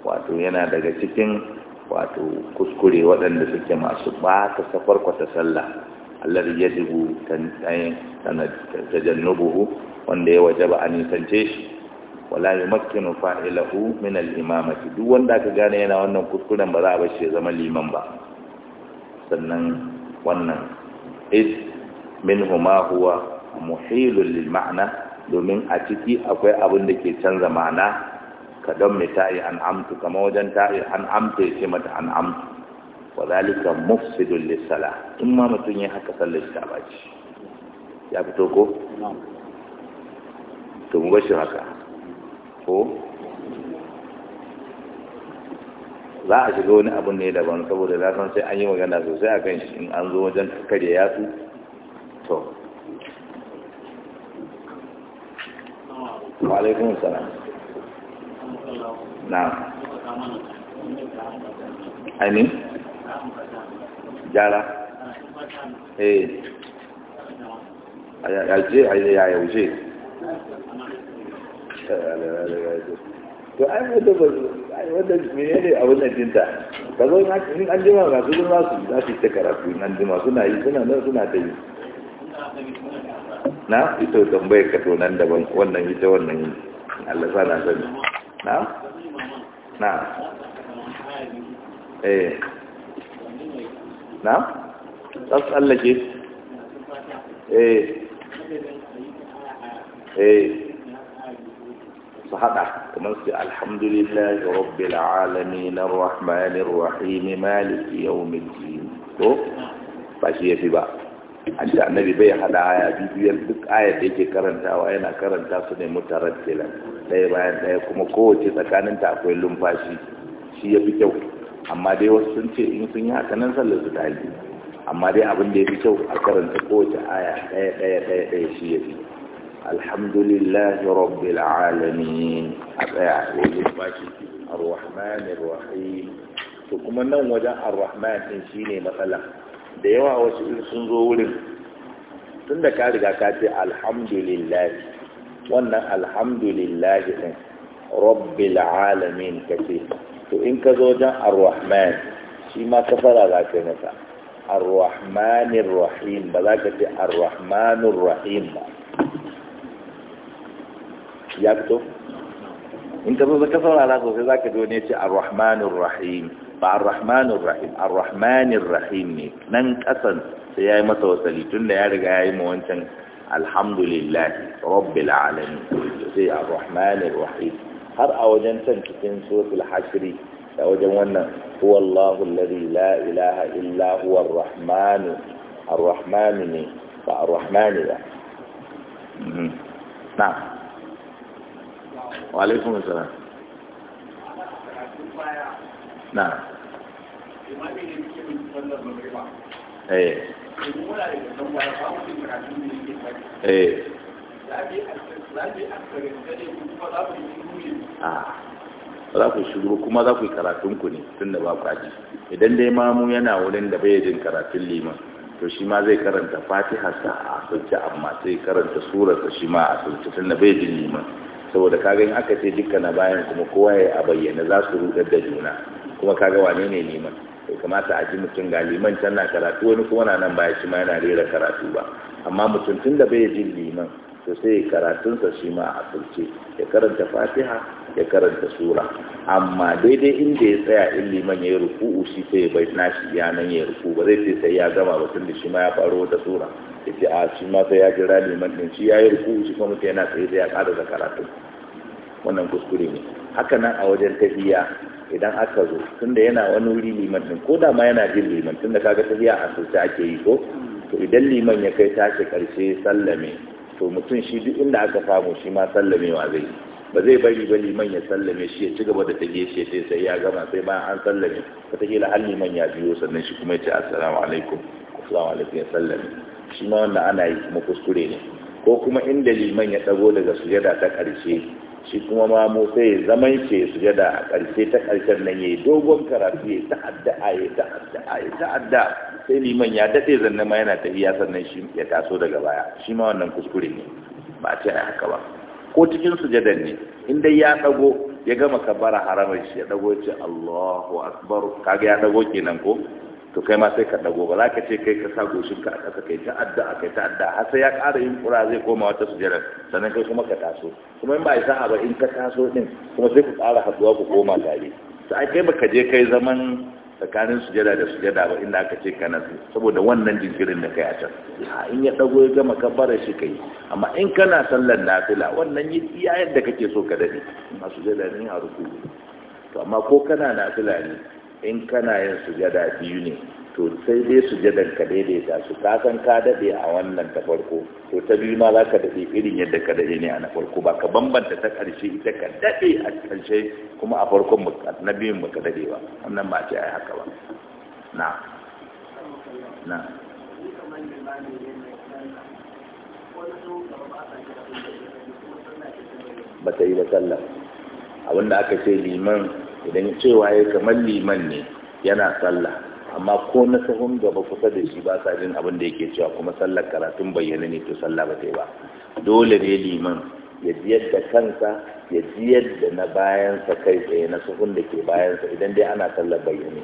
wato yana daga cikin wato kuskure waɗanda suke masu ba ta safar kwata sallah alladhi yajibu tajannubuhu wanda ya wajaba a nisance shi wala yumakkinu fa'ilahu min al duk wanda aka gane yana wannan kuskuren ba za a bashi ya zama liman ba sannan wannan is huma huwa muhilul lil ma'na domin a ciki akwai abin da ke canza ma'ana ka don mai ta'i an amtu kama wajen ta'i an amtu ya ce mata an amtu wa zalika mufsidul lissala in ma mutum ya haka sallar shi ta baci ya fito ko to mu bashi haka ko za a shiga wani abun ne daban saboda za san sai an yi magana sosai a kan shi in an zo wajen ya yatsu to alaikum salam na aini jara eh a yaje a yayyauce to ai wata ba ai ya menene a wannan dinta ka zo in an jima masu sun za su za su ta karatu in an jima suna yi suna nan suna ta yi na ita tambayar ka to nan daban wannan ita wannan yi Allah sa na sani na na eh na za su tsallake eh eh su haɗa kamar su alhamdulillah rabbil alamin arrahmanir rahim maliki yawmiddin ko ba shi yafi ba an da annabi bai hada aya bibiyar duk ayar da yake karantawa yana karanta su ne mutarattilan ɗaya bayan ɗaya kuma kowace tsakaninta akwai lumfashi shi ya fi kyau amma dai wasu sun ce in sun yi haka nan sallar su amma dai abin da ya fi kyau a karanta kowace aya ɗaya ɗaya ɗaya ɗaya shi ya fi الحمد لله رب العالمين الرحمن الرحيم تكما نوم وجاء الرحمن shine matsala da yawa wasu sun zo wurin tunda ka riga ka ce alhamdulillahi wannan alhamdulillahi ɗin rabbil alamin ka to in ka zo wajen arrahman shi ma kafara za ka yi masa arrahmanir ba za ka ce arrahmanir rahim ba ya fito in ka zo ka saurara sosai za ka ne ce arrahmanir rahim ba arrahmanir rahim arrahmanir rahim ne nan kasan sai ya yi masa wasali tun da ya riga ya yi ma wancan alhamdulillah rabbil alamin sai arrahmanir rahim har a wajen can cikin suratul hashri da wajen wannan huwa Allahu alladhi la ilaha illa huwa ar-rahmanu ar-rahmanu ne ba ar-rahmanu ba na wa alaikum salam na eh eh ah. za ku shigo kuma za ku yi karatun ku ne tun da ba ku aji idan dai mamu yana wurin da bai jin karatun liman to shi ma zai karanta fatihar sa a asirce amma sai karanta surarsa shi ma a asirce tun da bai jin liman saboda kaga in aka ce dukkan na bayan kuma kowa ya a bayyana za su rudar da juna kuma kaga wane ne neman bai kamata a ji mutum ga liman can na karatu wani kuma na nan baya shi ma yana rera karatu ba amma mutum tun da bai ji liman to sai karatunsa shi ma a asirce ya karanta fatiha ya karanta sura amma daidai inda ya tsaya in liman ya yi ruku'u shi sai ya bai nashi ya nan ya ruku ba zai sai sai ya gama ba tunda shi ma ya faro da sura ya ce a shi ma sai ya jira liman din shi ya yi ruku'u shi kuma mutum yana tsaye sai ya ƙara da karatu wannan kuskure ne haka nan a wajen tafiya idan aka zo tunda yana wani wuri liman din ko da ma yana jin liman tunda kaga tafiya a sosai ake yi ko to idan liman ya kai tashi karshe sallame to mutum shi duk inda aka samu shi ma sallamewa zai ba zai bari ba liman ya sallame shi ya ci gaba da tage shi sai sai ya gama sai bayan an sallame wataƙila har man ya biyo sannan shi kuma ya ce assalamu alaikum assalamu alaikum ya sallame shi ma wanda ana yi kuma kuskure ne ko kuma inda liman ya dago daga sujada ta ƙarshe shi kuma ma mu sai zaman ce sujada a ƙarshe ta karshen nan yayi dogon karatu ya ta addu'a ta'adda ya ta'adda ta sai liman ya daɗe zanne ma yana tafiya sannan shi ya taso daga baya shi ma wannan kuskure ne ba a ce haka ba ko cikin sujadan ne in dai ya dago ya gama kabbara haramai shi ya dago ya ce Allahu akbar kaga ya dago kenan ko to kai ma sai ka dago ba za ka ce kai ka sa goshin ka a ƙasa kai ta adda a kai ta adda har sai ya ƙara yin kura zai koma wata sujadan sannan kai kuma ka taso kuma in ba a sa'a ba in ka taso din kuma sai ku ƙara haduwa ku koma gari sai kai baka je kai zaman tsakanin sujada da sujada ba inda aka ce kana su saboda wannan jinkirin da kai a can a in ya dago ya gama kabbara shi kai amma in kana sallar nafila wannan yi iya yadda kake so ka dade amma sujada ne a ruku to amma ko kana nafila ne in kana yin sujada biyu ne to sai dai sujadan ka daidaita su ka san ka daɗe a wannan ta farko to ta biyu ma ka daɗe irin yadda ka daɗe ne a na farko ba ka bambanta ta ƙarshe ita ka daɗe a ƙarshe, kuma a farkon na biyun ba ka daɗe ba wannan ba ce yi haka ba na na ba ta yi ba sallah abinda aka ce liman idan cewa ya kamar liman ne yana sallah amma ko na sahun da ba kusa da shi ba sa jin abin da yake cewa kuma sallar karatun bayyana ne to sallah ba ta ba dole ne liman ya jiyar da kansa ya jiyar da na bayansa kai tsaye na sahun da ke bayansa idan dai ana sallar bayyane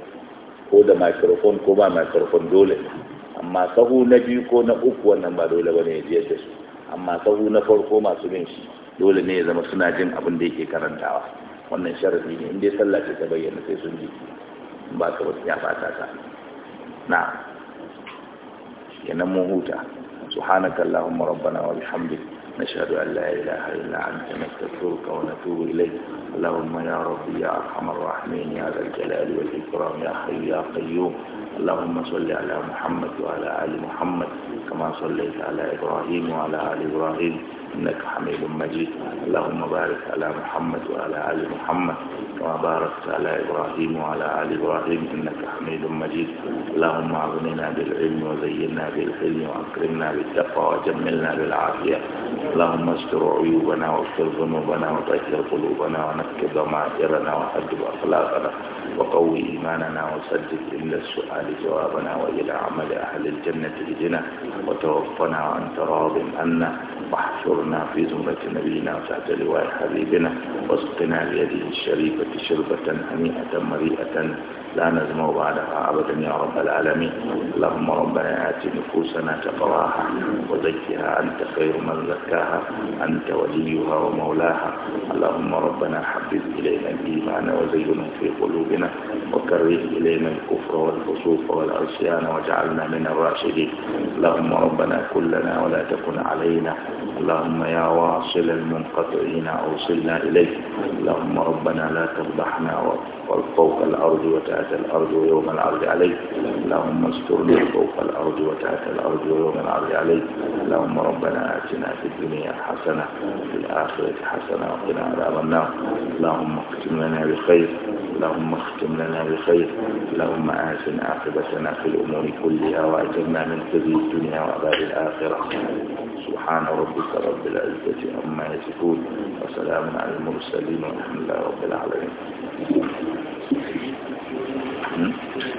ko da microphone ko ba microphone dole ne amma sahu na biyu ko na uku wannan ba dole ba ne ya jiyar da su amma sahu na farko masu bin shi dole ne ya zama suna jin abin da yake karantawa wannan sharadi ne in dai sallah ce ta bayyana sai sun ji ba ka wasu ya fata ta na yanan mun huta su hana kallahun marabbana wa alhambi na shaɗu allah ya ila harina an tanasta turu kauna turu ilai allahun maya rabbi ya kamar rahmin ya zarge lalu wa ikiram ya hayu ya kayo allahun sole ala muhammad wa ala ali muhammad kama sole ta ala ibrahim wa ala ali ibrahim إنك حميد مجيد اللهم بارك على محمد وعلى آل محمد وبارك على إبراهيم وعلى آل إبراهيم إنك حميد مجيد اللهم أغننا بالعلم وزينا بالحلم وأكرمنا بالتقوى وجملنا بالعافية اللهم استر عيوبنا واغفر ذنوبنا وطهر قلوبنا ونكب ماجرنا وحجب أخلاقنا وقوي إيماننا وسدد إلا السؤال جوابنا وإلى عمل أهل الجنة بجنة وتوفنا عن تراض أن واحشرنا في زمرة نبينا تحت لواء حبيبنا واسقنا بيده الشريفة شربة هنيئة مريئة لا نزم بعدها أبدا يا رب العالمين اللهم ربنا آت نفوسنا تقراها وزكها أنت خير من زكاها أنت وليها ومولاها اللهم ربنا حبب إلينا الإيمان وزينه في قلوبنا وكره إلينا الكفر والفسوق والعصيان واجعلنا من الراشدين اللهم ربنا كلنا ولا تكن علينا اللهم يا واصل المنقطعين أوصلنا إليك اللهم ربنا لا تفضحنا وقت فوق الأرض وتأتى الأرض ويوم العرض عليك اللهم استر لي فوق الأرض وتأتى الأرض ويوم العرض عليك اللهم ربنا آتنا في الدنيا حسنة وفي الآخرة حسنة وقنا عذاب النار اللهم اختم لنا بخير اللهم اختم لنا بخير اللهم آتنا عاقبتنا في الأمور كلها وأجرنا من خزي الدنيا وعذاب الآخرة سبحان ربك رب العزة عما يصفون وسلام على المرسلين والحمد لله رب العالمين Hmm?